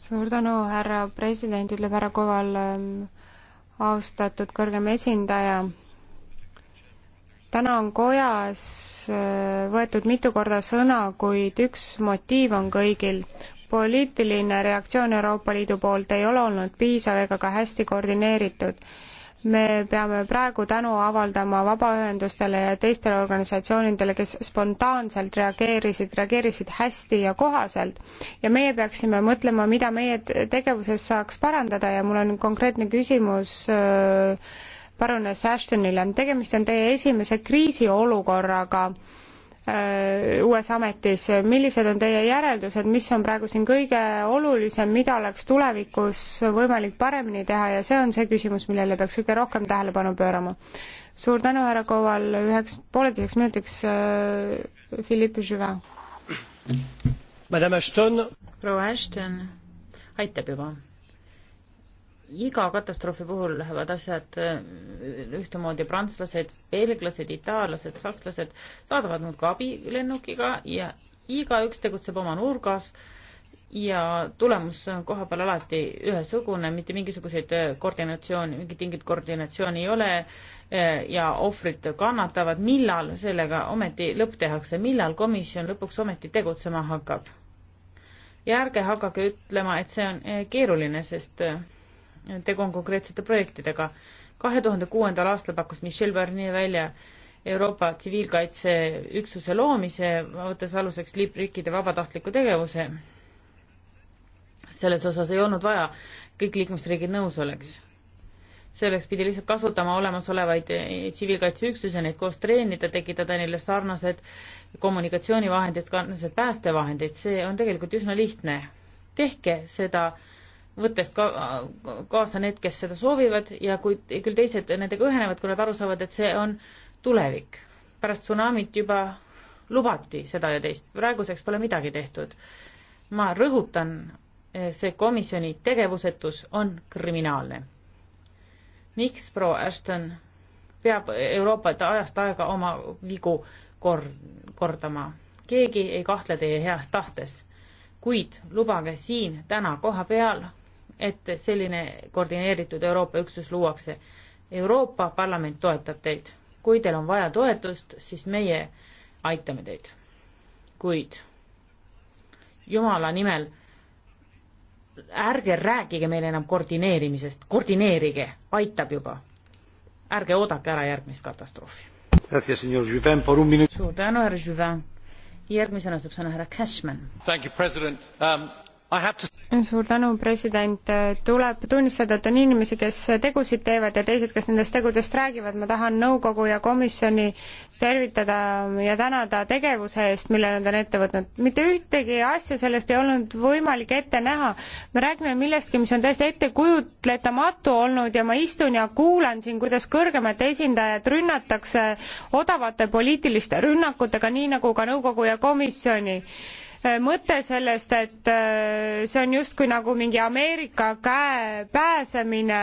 suur tänu, härra president, ütleb härra Koval, ähm, austatud kõrgem esindaja täna on kojas äh, võetud mitu korda sõna, kuid üks motiiv on kõigil. poliitiline reaktsioon Euroopa Liidu poolt ei ole olnud piisav ega ka hästi koordineeritud. me peame praegu tänu avaldama vabaühendustele ja teistele organisatsioonidele, kes spontaanselt reageerisid, reageerisid hästi ja kohaselt. ja meie peaksime mõtlema, mida meie tegevuses saaks parandada ja mul on konkreetne küsimus äh, paruness Ashtonile, tegemist on teie esimese kriisiolukorraga äh, uues ametis, millised on teie järeldused, mis on praegu siin kõige olulisem, mida oleks tulevikus võimalik paremini teha ja see on see küsimus, millele peaks kõige rohkem tähelepanu pöörama. suur tänu, härra Koval, üheks pooleteiseks minutiks äh, Philippe Juvin. proua Ashton, aitab juba iga katastroofi puhul lähevad asjad äh, ühtemoodi, prantslased, belglased, itaallased, sakslased saadavad muudkui abilennukiga ja igaüks tegutseb oma nurgas ja tulemus on koha peal alati ühesugune, mitte mingisuguseid äh, koordinatsiooni, mingit mingit koordinatsiooni ei ole äh, ja ohvrid kannatavad, millal sellega ometi lõpp tehakse, millal komisjon lõpuks ometi tegutsema hakkab? ja ärge hakake ütlema, et see on keeruline, sest tegu on konkreetsete projektidega. kahe tuhande kuuendal aastal pakkus Michel Barnier välja Euroopa tsiviilkaitseüksuse loomise, võttes aluseks liitriikide vabatahtliku tegevuse. selles osas ei olnud vaja, kõik liikmesriigid nõus oleks. selleks pidi lihtsalt kasutama olemasolevaid tsiviilkaitseüksusi, neid koos treenida, tekitada neile sarnased kommunikatsioonivahendid, sarnased päästevahendid, see on tegelikult üsna lihtne. tehke seda äh, võttes ka kaasa need, kes seda soovivad ja kui küll teised nendega ühenevad, kui nad aru saavad, et see on tulevik. pärast tsunamit juba lubati seda ja teist, praeguseks pole midagi tehtud. ma rõhutan, eh, see komisjoni tegevusetus on kriminaalne. miks proua Ashton peab Euroopat ajast aega oma vigu kor-, kordama? keegi ei kahtle teie heas tahtes kuid lubage siin täna kohapeal et selline koordineeritud Euroopa üksus luuakse. Euroopa Parlament toetab teid. kui teil on vaja toetust, siis meie aitame teid. kuid Jumala nimel, ärge rääkige meile enam koordineerimisest, koordineerige, aitab juba. ärge oodake ära järgmist katastroofi. suur tänu, härra Juvin. järgmisena saab sõna härra Cashman. Um... To... suur tänu, president, tuleb tunnistada, et on inimesi, kes tegusid teevad ja teised, kes nendest tegudest räägivad, ma tahan nõukogu ja komisjoni tervitada ja tänada tegevuse eest, mille nad on ette võtnud. mitte ühtegi asja sellest ei olnud võimalik ette näha. me räägime millestki, mis on täiesti ettekujutletamatu olnud ja ma istun ja kuulan siin, kuidas kõrgemat esindajat rünnatakse odavate poliitiliste rünnakutega, nii nagu ka nõukogu ja komisjoni Äh, mõte sellest, et äh, see on justkui nagu mingi Ameerika käe pääsemine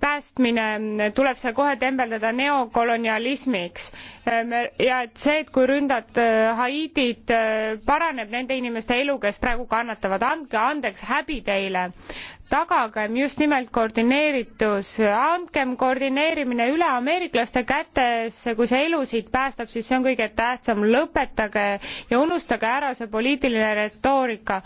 päästmine tuleb seal kohe tembeldada neokolonialismiks ehm, ja et see, et kui ründad äh, Haiidit, äh, paraneb nende inimeste elu, kes praegu kannatavad, andke andeks, häbi teile. tagagem just nimelt koordineeritus, andkem koordineerimine üle ameeriklaste kätesse, kui see elusid päästab, siis see on kõige tähtsam, lõpetage ja unustage ära see poliitiline retoorika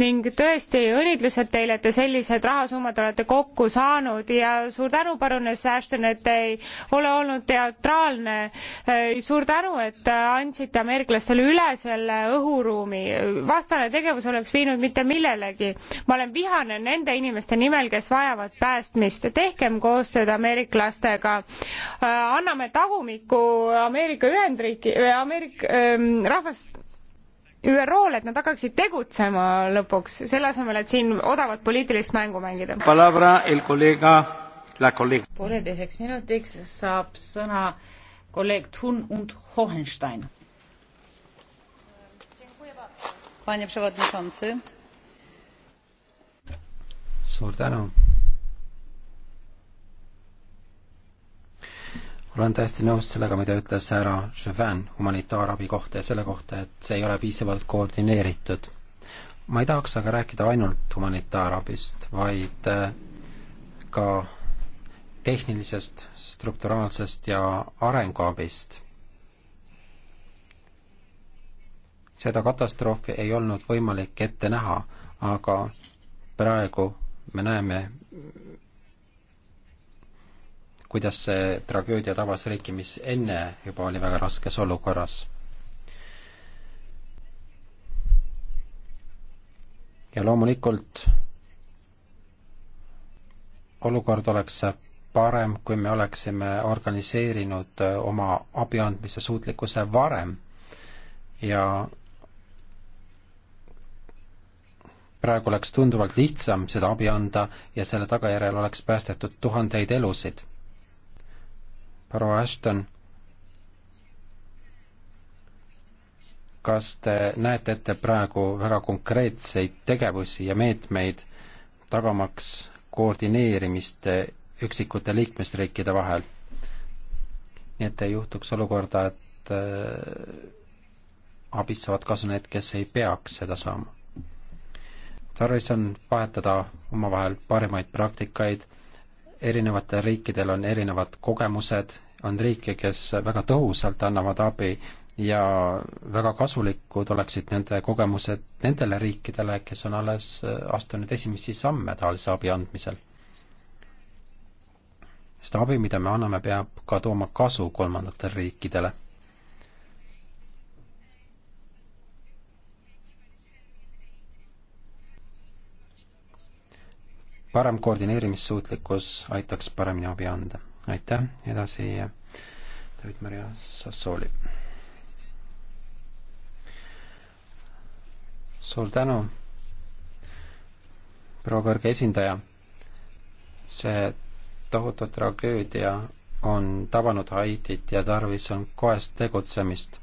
ning tõesti õnnitlused teile, et te sellised rahasummad olete kokku saanud ja suur tänu, parunes Ashton, et te ei ole olnud teatraalne. suur tänu, et andsite ameeriklastele üle selle õhuruumi. vastane tegevus oleks viinud mitte millelegi. ma olen vihane nende inimeste nimel, kes vajavad päästmist. tehkem koostööd ameeriklastega. Äh, anname tagumikku Ameerika Ühendriiki, äh, Ameerika ähm, rahvast ÜRO-le, et nad hakkaksid tegutsema lõpuks, selle asemel, et siin odavat poliitilist mängu mängida. pooleteiseks minutiks saab sõna kolleeg Thun und Hohenstein. suur tänu olen täiesti nõus sellega, mida ütles härra Chauvin humanitaarabi kohta ja selle kohta, et see ei ole piisavalt koordineeritud. ma ei tahaks aga rääkida ainult humanitaarabist, vaid äh, ka tehnilisest, strukturaalsest ja arenguabist seda katastroofi ei olnud võimalik ette näha, aga praegu me näeme, kuidas see tragöödia tabas riiki, mis enne juba oli väga raskes olukorras. ja loomulikult olukord oleks parem, kui me oleksime organiseerinud oma abi andmise suutlikkuse varem ja praegu oleks tunduvalt lihtsam seda abi anda ja selle tagajärjel oleks päästetud tuhandeid elusid proua Ashton, kas te näete ette praegu väga konkreetseid tegevusi ja meetmeid, tagamaks koordineerimist üksikute liikmesriikide vahel? nii et ei juhtuks olukorda, et äh, abist saavad kasu need, kes ei peaks seda saama. tarvis on vahetada omavahel parimaid praktikaid erinevatel riikidel on erinevad kogemused, on riike, kes väga tõhusalt annavad abi ja väga kasulikud oleksid nende kogemused nendele riikidele, kes on alles äh, astunud esimesi samme taolise abi andmisel. seda abi, mida me anname, peab ka tooma kasu kolmandatele riikidele parem koordineerimissuutlikkus aitaks paremini abi anda. aitäh, edasi David Maria Sassooli. suur tänu, proua kõrge esindaja. see tohutu tragöödia on tabanud Haitit ja tarvis on kohest tegutsemist.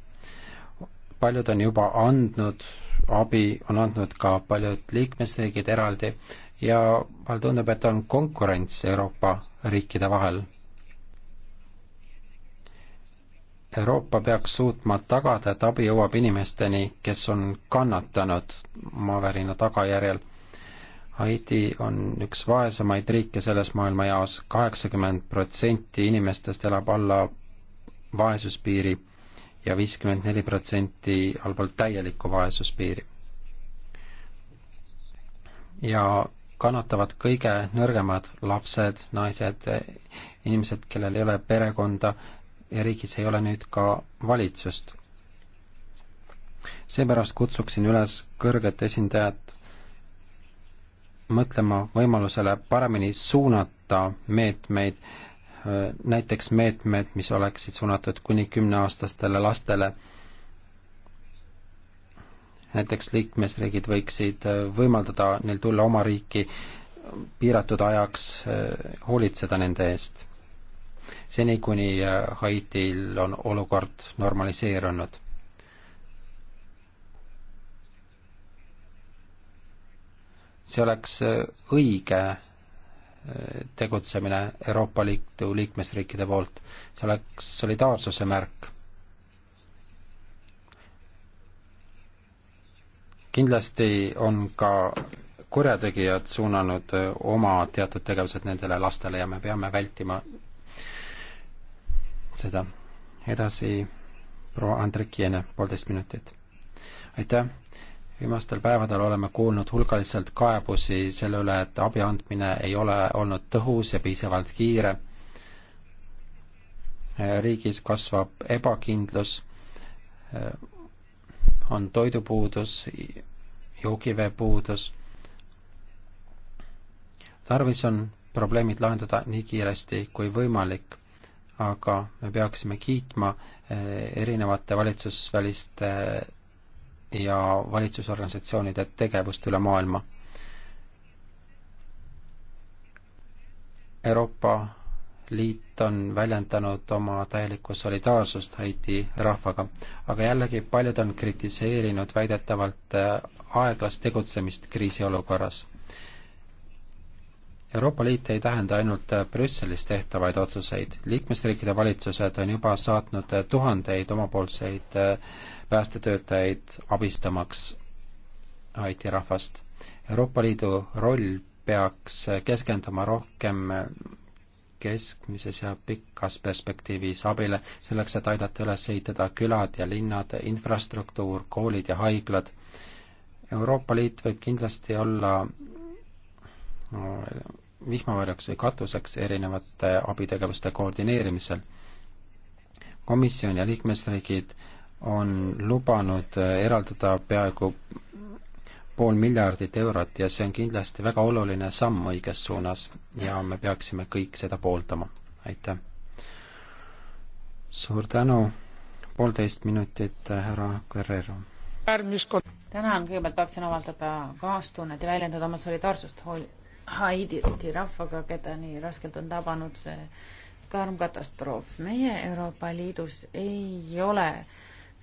paljud on juba andnud abi, on andnud ka paljud liikmesriigid eraldi ja mulle tundub, et on konkurents Euroopa riikide vahel. Euroopa peaks suutma tagada, et abi jõuab inimesteni, kes on kannatanud maavärina tagajärjel. Haiti on üks vaesemaid riike selles maailmajaos, kaheksakümmend protsenti inimestest elab alla vaesuspiiri ja viiskümmend neli protsenti allpool täielikku vaesuspiiri. ja kannatavad kõige nõrgemad lapsed, naised, inimesed, kellel ei ole perekonda ja riigis ei ole nüüd ka valitsust. seepärast kutsuksin üles kõrget esindajat mõtlema võimalusele paremini suunata meetmeid, näiteks meetmed, mis oleksid suunatud kuni kümneaastastele lastele näiteks liikmesriigid võiksid äh, võimaldada neil tulla oma riiki piiratud ajaks äh, hoolitseda nende eest. seni, kuni äh, Haitil on olukord normaliseerunud. see oleks õige tegutsemine Euroopa Liidu liikmesriikide poolt, see oleks solidaarsuse märk kindlasti on ka kurjategijad suunanud äh, oma teatud tegevused nendele lastele ja me peame vältima seda. edasi proua Andrekiene, poolteist minutit. aitäh! viimastel päevadel oleme kuulnud hulgaliselt kaebusi selle üle, et abi andmine ei ole olnud tõhus ja piisavalt kiire. riigis kasvab ebakindlus, on toidupuudus, joogiveepuudus. tarvis on probleemid lahendada nii kiiresti kui võimalik, aga me peaksime kiitma eh, erinevate valitsusväliste eh, ja valitsusorganisatsioonide tegevust üle maailma. Euroopa liit on väljendanud oma täielikku solidaarsust Haiti rahvaga. aga jällegi, paljud on kritiseerinud väidetavalt äh, aeglast tegutsemist kriisiolukorras. Euroopa Liit ei tähenda ainult äh, Brüsselis tehtavaid otsuseid, liikmesriikide valitsused on juba saatnud äh, tuhandeid omapoolseid päästetöötajaid abistamaks Haiti rahvast. Euroopa Liidu roll peaks keskenduma rohkem keskmises ja pikas perspektiivis abile, selleks et aidata üles ehitada külad ja linnad, infrastruktuur, koolid ja haiglad. Euroopa Liit võib kindlasti olla vihmavarjuks või katuseks erinevate abitegevuste koordineerimisel. komisjon ja liikmesriigid on lubanud eraldada peaaegu pool miljardit eurot ja see on kindlasti väga oluline samm õiges suunas ja me peaksime kõik seda pooldama. aitäh! suur tänu, poolteist minutit, äh, härra Guerrero. tänan, kõigepealt tahaksin avaldada kaastunnet ja väljendada oma solidaarsust Haiti rahvaga, keda nii raskelt on tabanud see karm katastroof. meie Euroopa Liidus ei ole äh,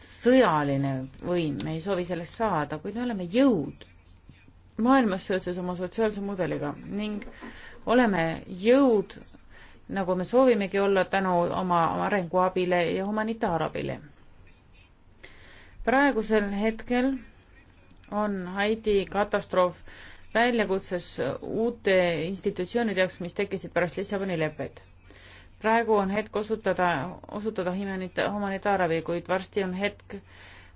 sõjaline võim, me ei soovi sellest saada, kuid me oleme jõud maailmas seoses oma sotsiaalse mudeliga ning oleme jõud, nagu me soovimegi olla tänu oma arenguabile ja humanitaarabile. praegusel hetkel on Haiti katastroof väljakutses uute institutsioonide jaoks, mis tekkisid pärast Lissaboni lepet praegu on hetk osutada, osutada humanita-, humanitaarabi, kuid varsti on hetk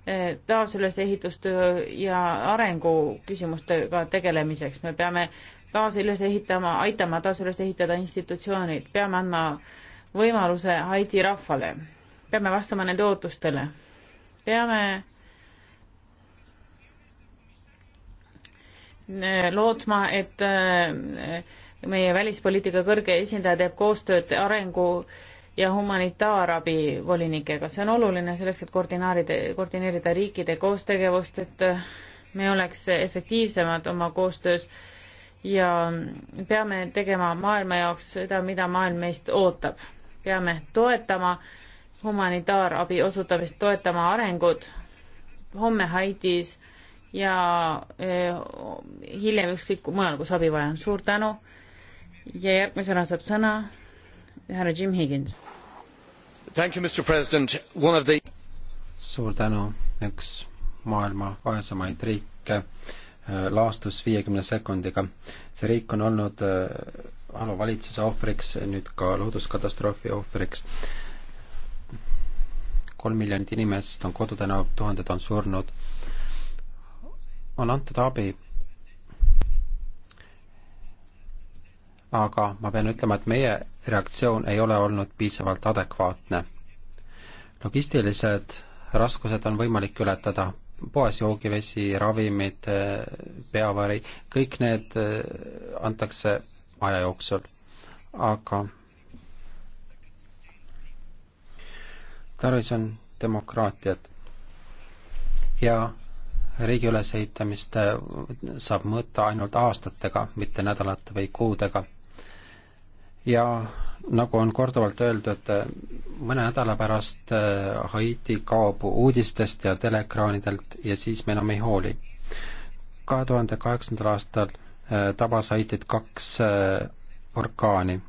eh, taasülesehitustöö ja arengu küsimustega tegelemiseks. me peame taas üles ehitama, aitama taas üles ehitada institutsioonid, peame andma võimaluse Haiti rahvale, peame vastama nende ootustele, peame eh, lootma, et äh, meie välispoliitika kõrge esindaja teeb koostööd arengu ja humanitaarabi volinikega, see on oluline selleks, et koordinaarida, koordineerida riikide koostegevust, et äh, me oleks efektiivsemad oma koostöös ja peame tegema maailma jaoks seda, mida maailm meist ootab. peame toetama humanitaarabi osutamist, toetama arengut homme Haitis ja eh, hiljem ükskõik mujal, kus abi vaja on. suur tänu ja järgmisena saab sõna härra Jim Higgins. The... suur tänu, üks maailma vaesemaid riike äh, laastus viiekümne sekundiga. see riik on olnud halva äh, valitsuse ohvriks, nüüd ka looduskatastroofi ohvriks. kolm miljonit inimest on kodutena, tuhanded on surnud. on antud abi aga ma pean ütlema, et meie reaktsioon ei ole olnud piisavalt adekvaatne. logistilised raskused on võimalik ületada, poes joogivesi, ravimid, peavari, kõik need eh, antakse aja jooksul, aga tarvis on demokraatiat ja riigi ülesehitamist eh, saab mõõta ainult aastatega, mitte nädalate või kuudega ja nagu on korduvalt öeldud, mõne nädala pärast äh, Haiti kaob uudistest ja teleekraanidelt ja siis me enam ei hooli. kahe tuhande kaheksandal aastal äh, tabas Haitit kaks äh, orkaani.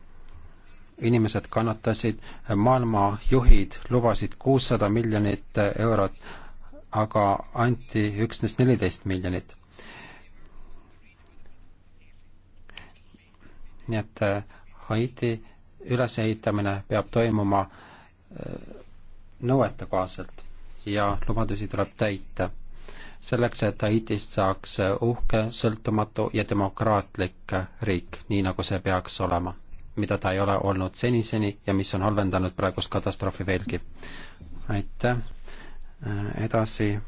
inimesed kannatasid, maailma juhid lubasid kuussada miljonit eurot, aga anti üksnes neliteist miljonit. nii et Haiti ülesehitamine peab toimuma äh, nõuetekohaselt ja lubadusi tuleb täita. selleks, et Haitist saaks äh, uhke, sõltumatu ja demokraatlik äh, riik, nii nagu see peaks olema, mida ta ei ole olnud seniseni ja mis on halvendanud praegust katastroofi veelgi. aitäh, edasi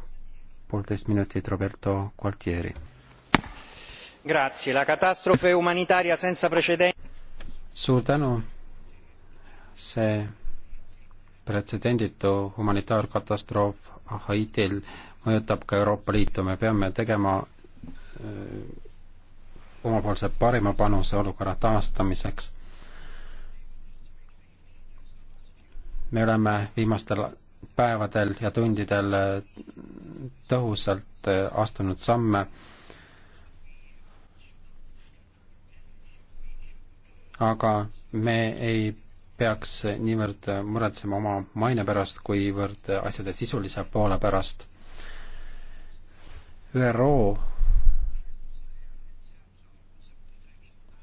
poolteist minutit Roberto Gualtieri. Grazie, la catastrofe umanitaria senza precedenti suur tänu, see pretsedenditu humanitaarkatastroof Haitil mõjutab ka Euroopa Liitu, me peame tegema omapoolse parima panuse olukorra taastamiseks. me oleme viimastel päevadel ja tundidel tõhusalt astunud samme aga me ei peaks niivõrd muretsema oma maine pärast, kuivõrd asjade sisulise poole pärast. ÜRO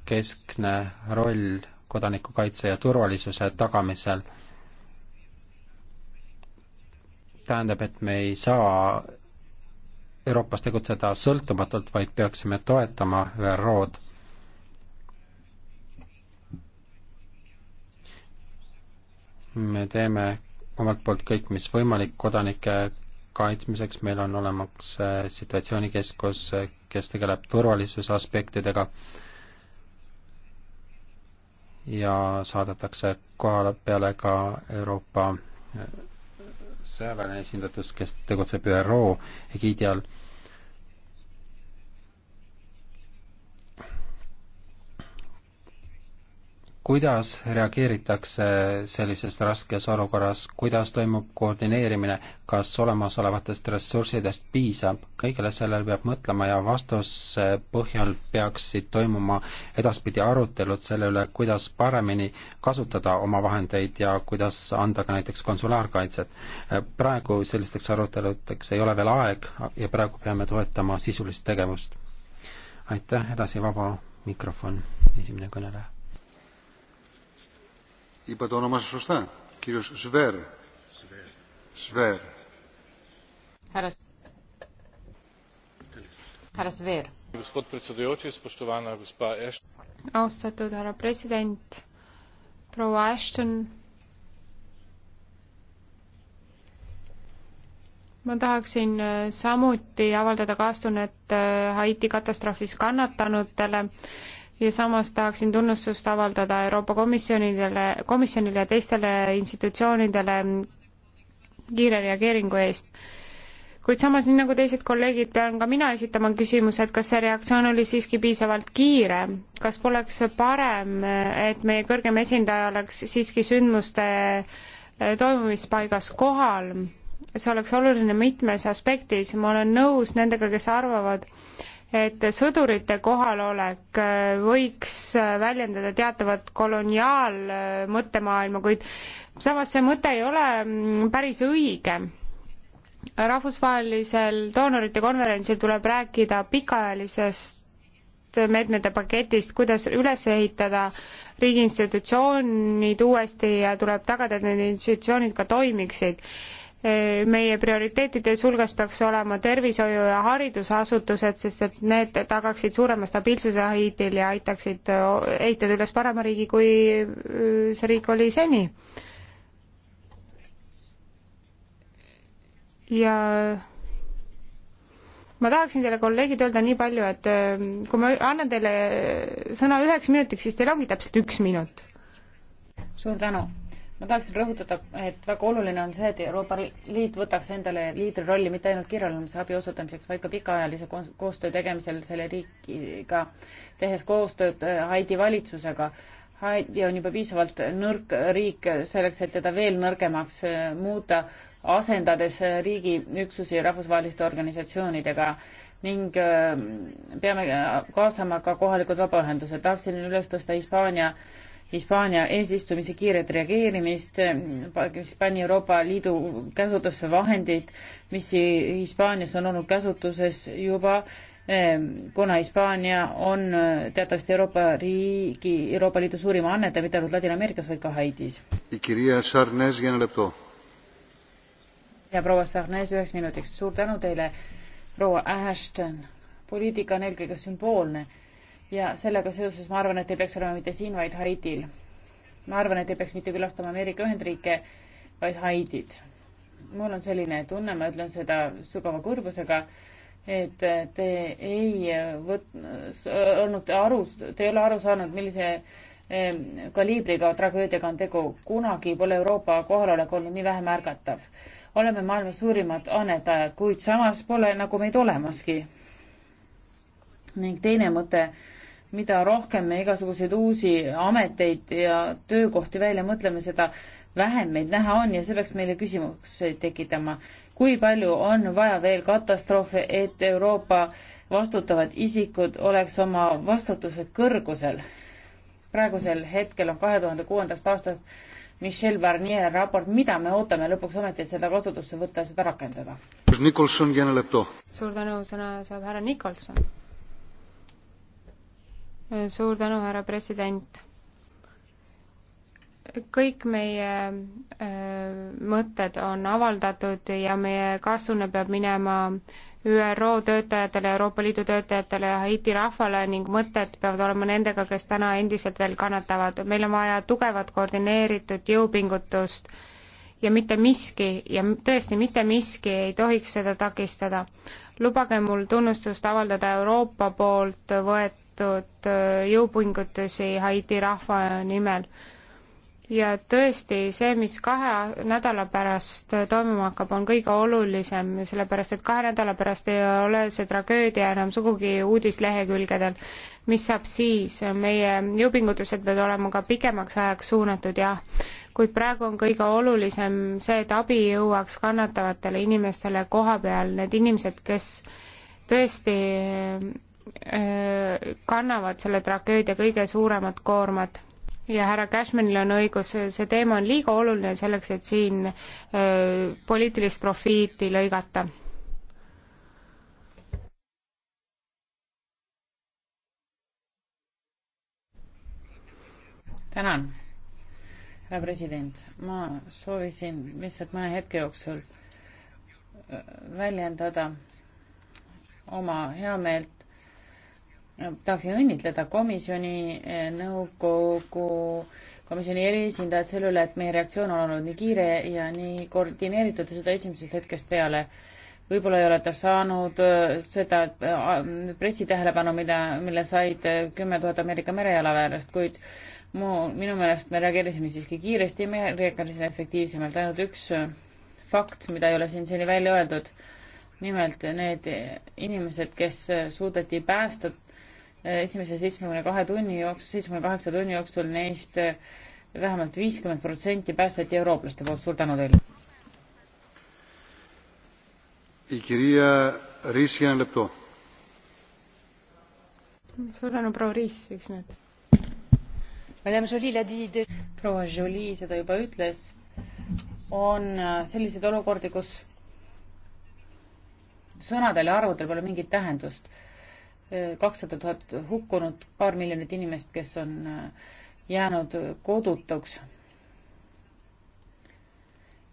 keskne roll kodanikukaitse ja turvalisuse tagamisel tähendab, et me ei saa Euroopas tegutseda sõltumatult, vaid peaksime toetama ÜRO-d me teeme omalt poolt kõik, mis võimalik kodanike kaitsmiseks, meil on olemas äh, situatsioonikeskus, äh, kes tegeleb turvalisuse aspektidega ja saadetakse kohale peale ka Euroopa äh, sõjaväeline esindatus, kes tegutseb ÜRO egiidi all kuidas reageeritakse sellises raskes olukorras, kuidas toimub koordineerimine, kas olemasolevatest ressurssidest piisab, kõigele sellele peab mõtlema ja vastuse põhjal peaksid toimuma edaspidi arutelud selle üle, kuidas paremini kasutada oma vahendeid ja kuidas anda ka näiteks konsulaarkaitset. praegu sellisteks aruteludeks ei ole veel aeg ja praegu peame toetama sisulist tegevust. aitäh, edasi vaba mikrofon, esimene kõneleja Είπα το όνομα σας σωστά. Κύριος Σβέρ. Σβέρ. härra Sveer. austatud härra president, proua Ashton. ma tahaksin äh, samuti avaldada kaastunnet äh, Haiti katastroofis kannatanutele ja samas tahaksin tunnustust avaldada Euroopa Komisjonidele, komisjonile ja teistele institutsioonidele kiire reageeringu eest. kuid samas, nii nagu teised kolleegid, pean ka mina esitama küsimuse, et kas see reaktsioon oli siiski piisavalt kiire, kas poleks parem, et meie kõrgem esindaja oleks siiski sündmuste eh, toimumispaigas kohal, see oleks oluline mitmes aspektis, ma olen nõus nendega, kes arvavad, et sõdurite kohalolek äh, võiks äh, väljendada teatavat koloniaalmõttemaailma, äh, kuid samas see mõte ei ole mm, päris õige. rahvusvahelisel doonorite konverentsil tuleb rääkida pikaajalisest meetmete paketist, kuidas üles ehitada riigi institutsioonid uuesti ja tuleb tagada, et need institutsioonid ka toimiksid meie prioriteetide hulgas peaks olema tervishoiu ja haridusasutused, sest et need tagaksid suurema stabiilsuse Haitil ja aitaksid ehitada üles parema riigi, kui äh, see riik oli seni. ja ma tahaksin teile, kolleegid, öelda nii palju, et äh, kui ma annan teile sõna üheks minutiks, siis teil ongi täpselt üks minut. suur tänu ma tahaksin rõhutada, et väga oluline on see, et Euroopa Liit võtaks endale liidri rolli mitte ainult kirjalimise abi osutamiseks, vaid ka pikaajalise koostöö tegemisel selle riigiga, tehes koostööd äh, Haiti valitsusega. Haiti on juba piisavalt nõrk riik selleks, et teda veel nõrgemaks äh, muuta, asendades äh, riigi üksusi rahvusvaheliste organisatsioonidega ning peame kaasama ka kohalikud vabaühendused. tahaksin üles tõsta Hispaania äh, Hispaania eesistumise kiiret reageerimist, kes pani Euroopa Liidu käsutusse vahendid, mis Hispaanias on olnud käsutuses juba ehm, kuna Hispaania on eh, teatavasti Euroopa riigi, Euroopa Liidu suurim annetaja mitte ainult Ladina-Ameerikas, vaid ka Haitis. ja proua Sarnes üheks minutiks, suur tänu teile, proua Ashton. poliitika on eelkõige sümboolne ja sellega seoses ma arvan, et ei peaks olema mitte siin, vaid Haitil. ma arvan, et ei peaks mitte külastama Ameerika Ühendriike, vaid Haidid. mul on selline tunne, ma ütlen seda sügava kurbusega, et te ei võt-, olnud aru, te ei ole aru saanud, millise kaliibriga tragöödiaga on tegu. kunagi pole Euroopa kohalolek olnud nii vähe märgatav. oleme maailma suurimad annetajad, kuid samas pole nagu meid olemaski. ning teine mõte mida rohkem me igasuguseid uusi ameteid ja töökohti välja mõtleme, seda vähem meid näha on ja see peaks meile küsimusi tekitama. kui palju on vaja veel katastroofe, et Euroopa vastutavad isikud oleks oma vastutuse kõrgusel? praegusel hetkel on kahe tuhande kuuendast aastast Michel Barnier raport, mida me ootame lõpuks ometi, et seda kasutusse võtta ja seda rakendada. suur tänu, sõna saab härra Nikolson suur tänu, härra president. kõik meie äh, mõtted on avaldatud ja meie kaastunne peab minema ÜRO töötajatele, Euroopa Liidu töötajatele ja Haiti rahvale ning mõtted peavad olema nendega, kes täna endiselt veel kannatavad. meil on vaja tugevat koordineeritud jõupingutust ja mitte miski ja tõesti mitte miski ei tohiks seda takistada. lubage mul tunnustust avaldada Euroopa poolt võet-, tehtud äh, jõupingutusi Haiti rahva nimel. ja tõesti, see, mis kahe nädala pärast toimuma hakkab, on kõige olulisem, sellepärast et kahe nädala pärast ei ole see tragöödia enam sugugi uudislehekülgedel. mis saab siis, meie jõupingutused peavad olema ka pikemaks ajaks suunatud, jah kuid praegu on kõige olulisem see, et abi jõuaks kannatavatele inimestele koha peal, need inimesed, kes tõesti Äh, kannavad selle tragöödia kõige suuremat koormat. ja härra Cashmanil on õigus, see teema on liiga oluline selleks, et siin äh, poliitilist profiiti lõigata. tänan, härra president, ma soovisin lihtsalt mõne hetke jooksul äh, väljendada oma heameelt tahaksin õnnitleda komisjoni eh, nõukogu komisjoni eriesindajad selle üle, et meie reaktsioon on olnud nii kiire ja nii koordineeritud ja seda esimesest hetkest peale. võib-olla ei ole ta saanud eh, seda eh, pressitähelepanu, mida, mille said kümme tuhat Ameerika merejalaväelast, kuid mu, minu meelest me reageerisime siiski kiiresti, me reageerisime efektiivsemalt, ainult üks fakt, mida ei ole siin seni välja öeldud, nimelt need inimesed, kes suudeti päästa esimese seitsmekümne kahe tunni jooksul, seitsmekümne kaheksa tunni jooksul neist eh, vähemalt viiskümmend protsenti päästeti eurooplaste poolt, suur tänu teile. suur tänu, proua Riis, üks minut. proua Jolie seda juba ütles, on äh, selliseid olukordi, kus sõnadel ja arvudel pole mingit tähendust kakssada tuhat hukkunut, paar miljonit inimest, kes on äh, jäänud kodutuks.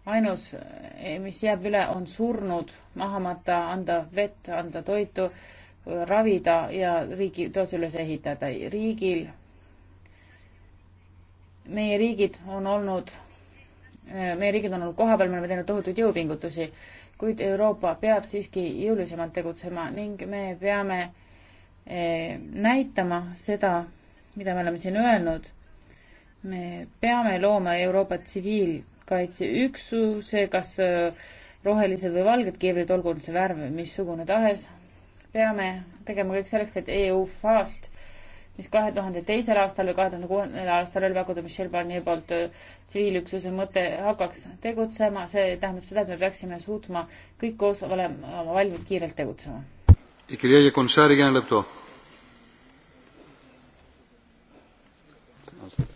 ainus, eh, mis jääb üle, on surnud maha matta, anda vett, anda toitu, ravida ja riigi toas üles ehitada. riigil, meie riigid on olnud, eh, meie riigid on olnud kohapeal, me oleme teinud tohutuid jõupingutusi, kuid Euroopa peab siiski jõulisemalt tegutsema ning me peame Eh, näitama seda, mida me oleme siin öelnud. me peame looma Euroopa tsiviilkaitseüksuse, kas eh, rohelised või valged keebrid, olgu see värv missugune tahes. peame tegema kõik selleks, et EU FAST, mis kahe tuhande teisel aastal või kahe tuhande kuuendal aastal oli pakutud Michel Barnier poolt eh, tsiviilüksuse mõte hakkaks tegutsema, see tähendab seda, et me peaksime suutma kõik koos olema valmis kiirelt tegutsema. ja kirja ja kontserdi käin lõppu.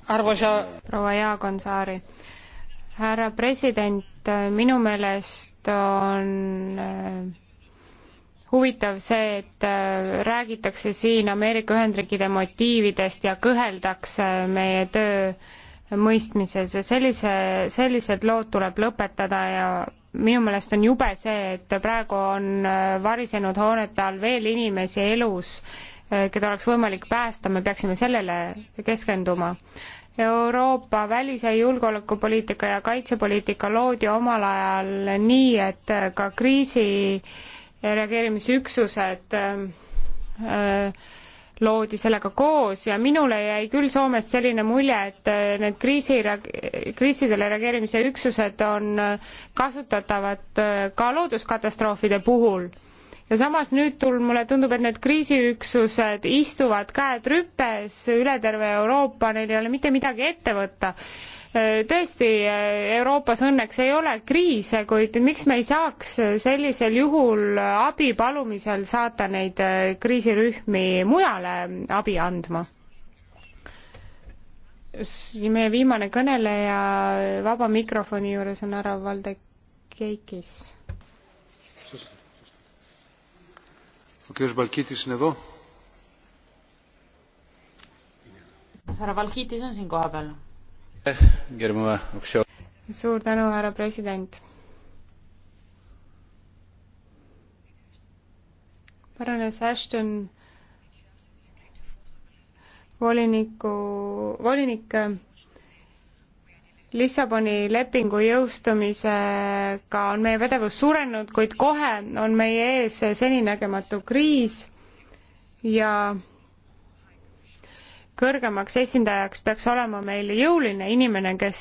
arvoisa proua Jaagonsaari, härra president, minu meelest on äh, huvitav see, et äh, räägitakse siin Ameerika Ühendriikide motiividest ja kõheldakse meie töö mõistmises ja sellise, sellised lood tuleb lõpetada ja minu meelest on jube see, et praegu on äh, varisenud hoonete all veel inimesi elus keda oleks võimalik päästa, me peaksime sellele keskenduma. Euroopa välis- ja julgeolekupoliitika ja kaitsepoliitika loodi omal ajal nii, et ka kriisi reageerimisüksused äh, loodi sellega koos ja minule jäi küll Soomest selline mulje, et äh, need kriisi, kriisidele reageerimise üksused on äh, kasutatavad ka looduskatastroofide puhul ja samas nüüd tul-, mulle tundub, et need kriisiüksused istuvad käed rüpes üle terve Euroopa, neil ei ole mitte midagi ette võtta. Äh, tõesti, äh, Euroopas õnneks ei ole kriise, kuid miks me ei saaks sellisel juhul abi palumisel saata neid äh, kriisirühmi mujale abi andma? meie viimane kõneleja vaba mikrofoni juures on härra Valde Keikis härra Valkitis on siin kohapeal. suur tänu, härra president. paranes Ashton voliniku, volinik Lissaboni lepingu jõustumisega on meie pädevus suurenenud, kuid kohe on meie ees seninägematu kriis ja kõrgemaks esindajaks peaks olema meil jõuline inimene, kes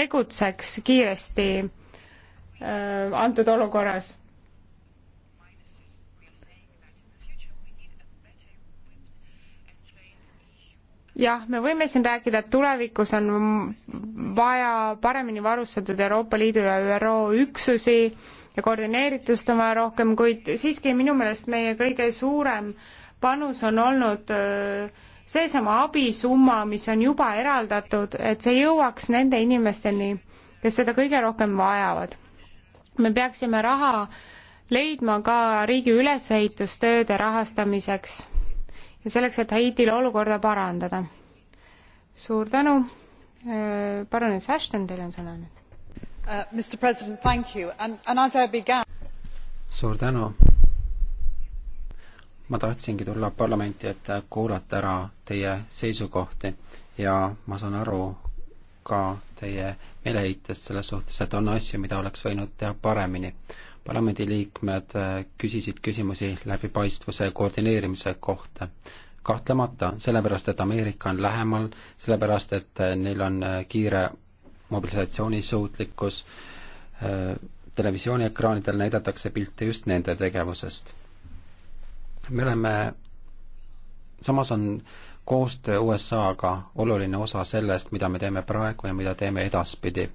tegutseks kiiresti äh, antud olukorras jah, me võime siin rääkida, et tulevikus on vaja paremini varustatud Euroopa Liidu ja ÜRO üksusi ja koordineeritust on vaja rohkem, kuid siiski minu meelest meie kõige suurem panus on olnud äh, seesama abisumma, mis on juba eraldatud, et see jõuaks nende inimesteni, kes seda kõige rohkem vajavad. me peaksime raha leidma ka riigi ülesehitustööde rahastamiseks ja selleks, et Haitil olukorda parandada. suur tänu, paranes äh, Ashton, teil on sõna nüüd uh,. Began... suur tänu. ma tahtsingi tulla parlamenti, et kuulata ära teie seisukohti ja ma saan aru ka teie meeleheitest selles suhtes, et on asju, mida oleks võinud teha paremini parlamendiliikmed äh, küsisid küsimusi läbipaistvuse koordineerimise kohta. kahtlemata, sellepärast et Ameerika on lähemal, sellepärast et äh, neil on äh, kiire mobilisatsioonisuutlikkus, televisiooniekraanidel näidatakse pilte just nende tegevusest. me oleme, samas on koostöö USA-ga oluline osa sellest, mida me teeme praegu ja mida teeme edaspidi.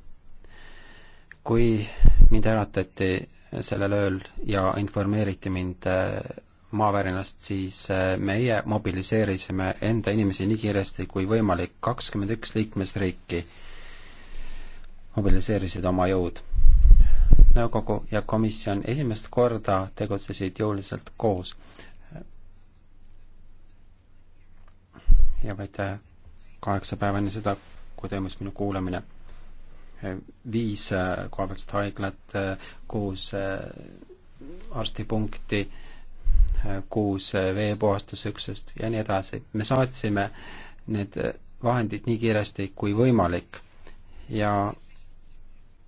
kui mind äratati sellel ööl ja informeeriti mind äh, maavärinast, siis äh, meie mobiliseerisime enda inimesi nii kiiresti kui võimalik, kakskümmend üks liikmesriiki mobiliseerisid oma jõud. nõukogu ja komisjon esimest korda tegutsesid jõuliselt koos. ja vaid äh, kaheksa päeva enne seda, kui toimus minu kuulamine viis äh, kohapealset haiglat, äh, kuus äh, arstipunkti, kuus veepuhastusüksust ja nii edasi. me saatsime need vahendid nii kiiresti kui võimalik ja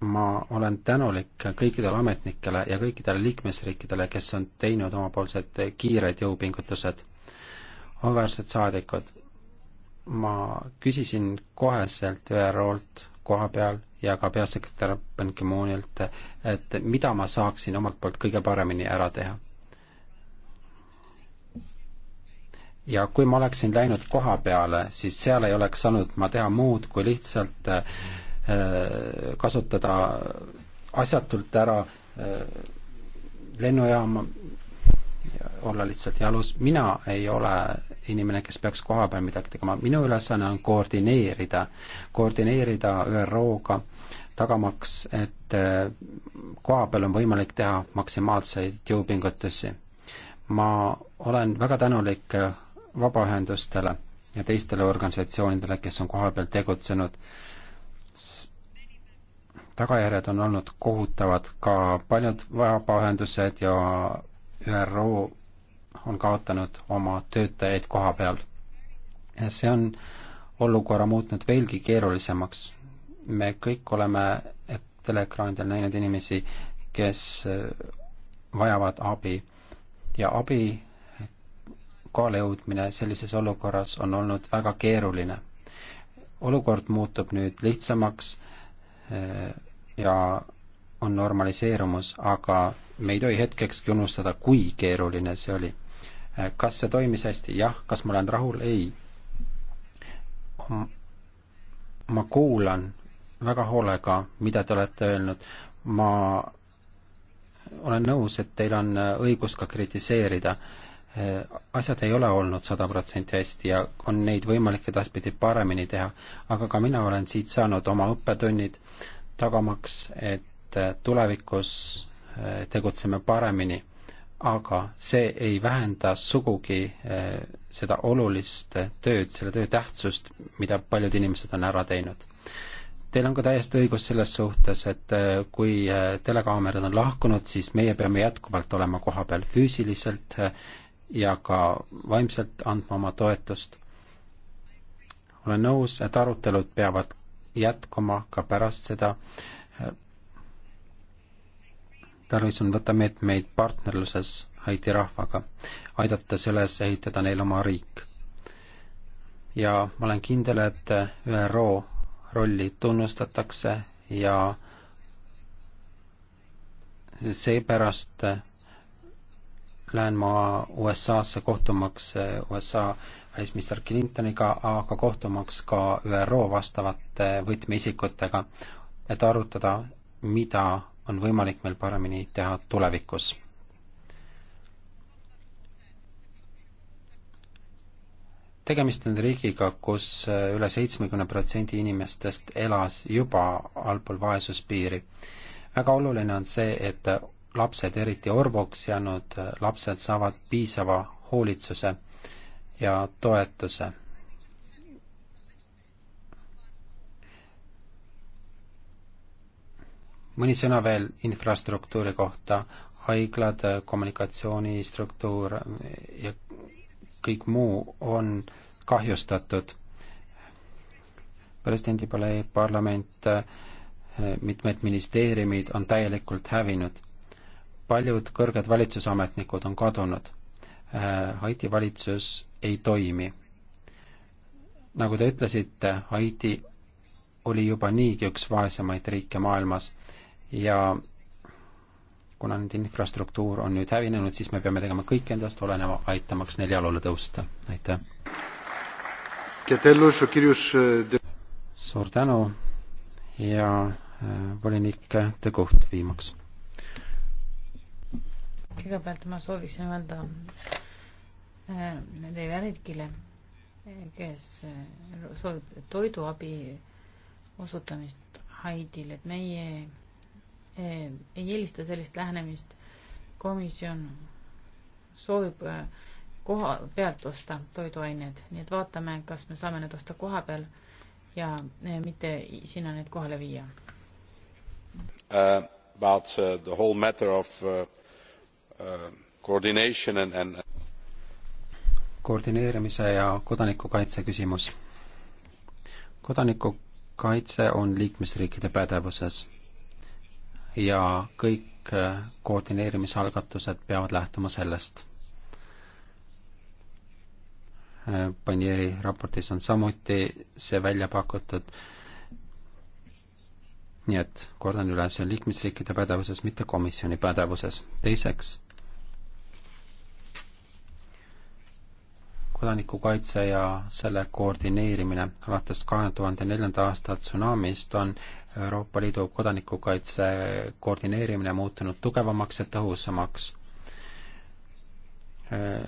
ma olen tänulik kõikidele ametnikele ja kõikidele liikmesriikidele, kes on teinud omapoolsed kiired jõupingutused. auväärsed saadikud, ma küsisin koheselt ÜRO-lt koha peal, ja ka peasekretär Ban Ki-moonilt, et mida ma saaksin omalt poolt kõige paremini ära teha. ja kui ma oleksin läinud koha peale, siis seal ei oleks saanud ma teha muud, kui lihtsalt äh, kasutada asjatult ära äh, lennujaama, olla lihtsalt jalus, mina ei ole inimene, kes peaks kohapeal midagi tegema, minu ülesanne on koordineerida, koordineerida ÜRO-ga, tagamaks, et äh, kohapeal on võimalik teha maksimaalseid jõupingutusi. ma olen väga tänulik äh, vabaühendustele ja teistele organisatsioonidele, kes on kohapeal tegutsenud. tagajärjed on olnud kohutavad, ka paljud vabaühendused ja ÜRO on kaotanud oma töötajaid koha peal. see on olukorra muutnud veelgi keerulisemaks. me kõik oleme teleekraanidel näinud inimesi, kes äh, vajavad abi ja abi kohale jõudmine sellises olukorras on olnud väga keeruline. olukord muutub nüüd lihtsamaks äh, ja on normaliseerumus, aga me ei tohi hetkekski unustada, kui keeruline see oli kas see toimis hästi? jah. kas ma olen rahul? ei. ma kuulan väga hoolega, mida te olete öelnud. ma olen nõus, et teil on õigus ka kritiseerida. asjad ei ole olnud sada protsenti hästi ja on neid võimalik edaspidi paremini teha, aga ka mina olen siit saanud oma õppetunnid, tagamaks, et tulevikus tegutseme paremini aga see ei vähenda sugugi eh, seda olulist tööd, selle töö tähtsust, mida paljud inimesed on ära teinud. Teil on ka täiesti õigus selles suhtes, et eh, kui eh, telekaamerad on lahkunud, siis meie peame jätkuvalt olema kohapeal füüsiliselt ja ka vaimselt andma oma toetust. olen nõus, et arutelud peavad jätkuma ka pärast seda tarvis on võtta meetmeid partnerluses Haiti rahvaga, aidates üles ehitada neil oma riik. ja ma olen kindel, et ÜRO rolli tunnustatakse ja seepärast lähen ma USA-sse kohtumaks USA välisminister Clintoniga, aga kohtumaks ka ÜRO vastavate võtmeisikutega, et arutada, mida on võimalik meil paremini teha tulevikus. tegemist on riigiga, kus üle seitsmekümne protsendi inimestest elas juba allpool vaesuspiiri. väga oluline on see, et lapsed, eriti orvuks jäänud lapsed, saavad piisava hoolitsuse ja toetuse mõni sõna veel infrastruktuuri kohta, haiglad, kommunikatsioonistruktuur ja kõik muu on kahjustatud. presidendi palee parlament, mitmed ministeeriumid on täielikult hävinud. paljud kõrged valitsusametnikud on kadunud. Haiti valitsus ei toimi. nagu te ütlesite, Haiti oli juba niigi üks vaesemaid riike maailmas ja kuna nüüd infrastruktuur on nüüd hävinenud, siis me peame tegema kõik endast oleneva, aitamaks neil jalule tõusta, aitäh. suur tänu ja äh, volinik De Gucht viimaks. kõigepealt ma sooviksin öelda Teie äh, Järvikile, äh, kes soovib toiduabi osutamist Haidile, et meie Ehm, ei eelista sellist lähenemist. komisjon soovib äh, koha pealt osta toiduained, nii et vaatame, kas me saame need osta koha peal ja äh, mitte sinna need kohale viia uh,. About uh, the whole matter of uh, uh, coordination and, and koordineerimise ja kodanikukaitse küsimus. kodanikukaitse on liikmesriikide pädevuses ja kõik äh, koordineerimisalgatused peavad lähtuma sellest. Äh, Panieri raportis on samuti see välja pakutud. nii et kordan üle, see on liikmesriikide pädevuses, mitte komisjoni pädevuses. teiseks kodanikukaitse ja selle koordineerimine alates kahe tuhande neljanda aasta tsunamist on Euroopa Liidu kodanikukaitse koordineerimine muutunud tugevamaks ja tõhusamaks. Äh,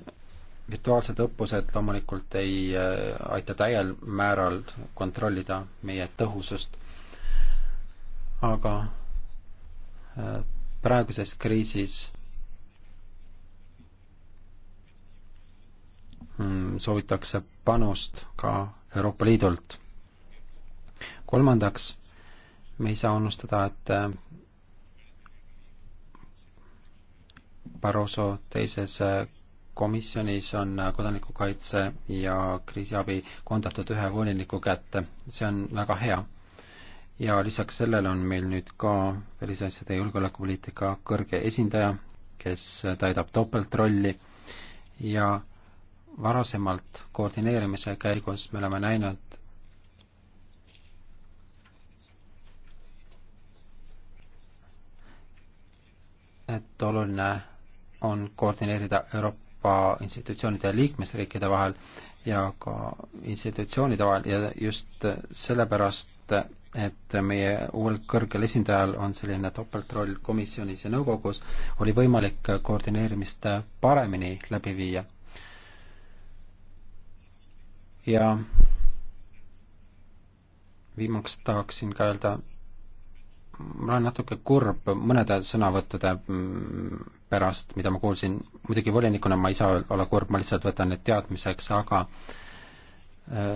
virtuaalsed õppused loomulikult ei äh, aita täiel määral kontrollida meie tõhusust, aga äh, praeguses kriisis Mm, soovitakse panust ka Euroopa Liidult. kolmandaks, me ei saa unustada, et äh, Barroso teises äh, komisjonis on äh, kodanikukaitse ja kriisiabi koondatud ühe voliniku kätte, see on väga hea. ja lisaks sellele on meil nüüd ka välisasjade julgeolekupoliitika kõrge esindaja, kes täidab topeltrolli ja varasemalt koordineerimise käigus me oleme näinud et oluline on koordineerida Euroopa institutsioonide ja liikmesriikide vahel ja ka institutsioonide vahel ja just sellepärast, et meie uuel kõrgel esindajal on selline topeltroll komisjonis ja nõukogus, oli võimalik koordineerimist paremini läbi viia ja viimaks tahaksin ka öelda, ma olen natuke kurb mõnede sõnavõttude mm, pärast, mida ma kuulsin, muidugi volinikuna ma ei saa olla kurb, ma lihtsalt võtan need teadmiseks, aga äh,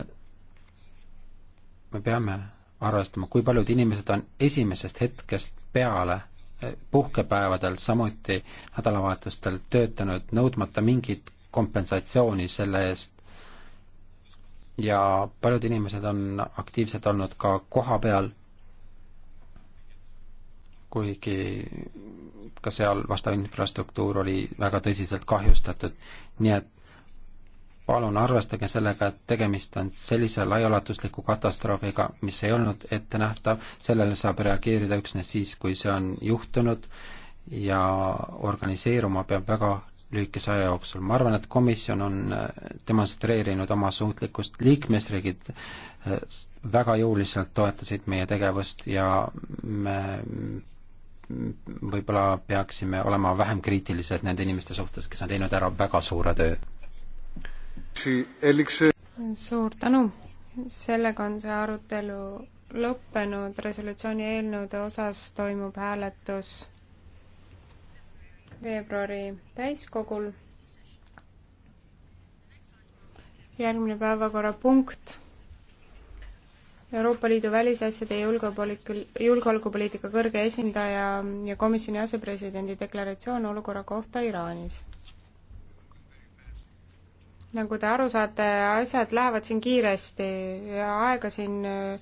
me peame arvestama, kui paljud inimesed on esimesest hetkest peale äh, puhkepäevadel, samuti nädalavahetustel töötanud, nõudmata mingit kompensatsiooni selle eest, ja paljud inimesed on aktiivsed olnud ka koha peal, kuigi ka seal vastav infrastruktuur oli väga tõsiselt kahjustatud. nii et palun arvestage sellega, et tegemist on sellise laiaulatusliku katastroofiga, mis ei olnud ettenähtav, sellele saab reageerida üksnes siis, kui see on juhtunud ja organiseeruma peab väga lühikese aja jooksul. ma arvan, et komisjon on äh, demonstreerinud oma suutlikkust, liikmesriigid äh, väga jõuliselt toetasid meie tegevust ja me võib-olla peaksime olema vähem kriitilised nende inimeste suhtes, kes on teinud ära väga suure töö. suur tänu, sellega on see arutelu lõppenud, resolutsiooni eelnõude osas toimub hääletus veebruari täiskogul. järgmine päevakorrapunkt. Euroopa Liidu välisasjade ja julgeolekupoliitika kõrge esindaja ja komisjoni asepresidendi deklaratsioon olukorra kohta Iraanis nagu te aru saate, asjad lähevad siin kiiresti ja aega siin äh,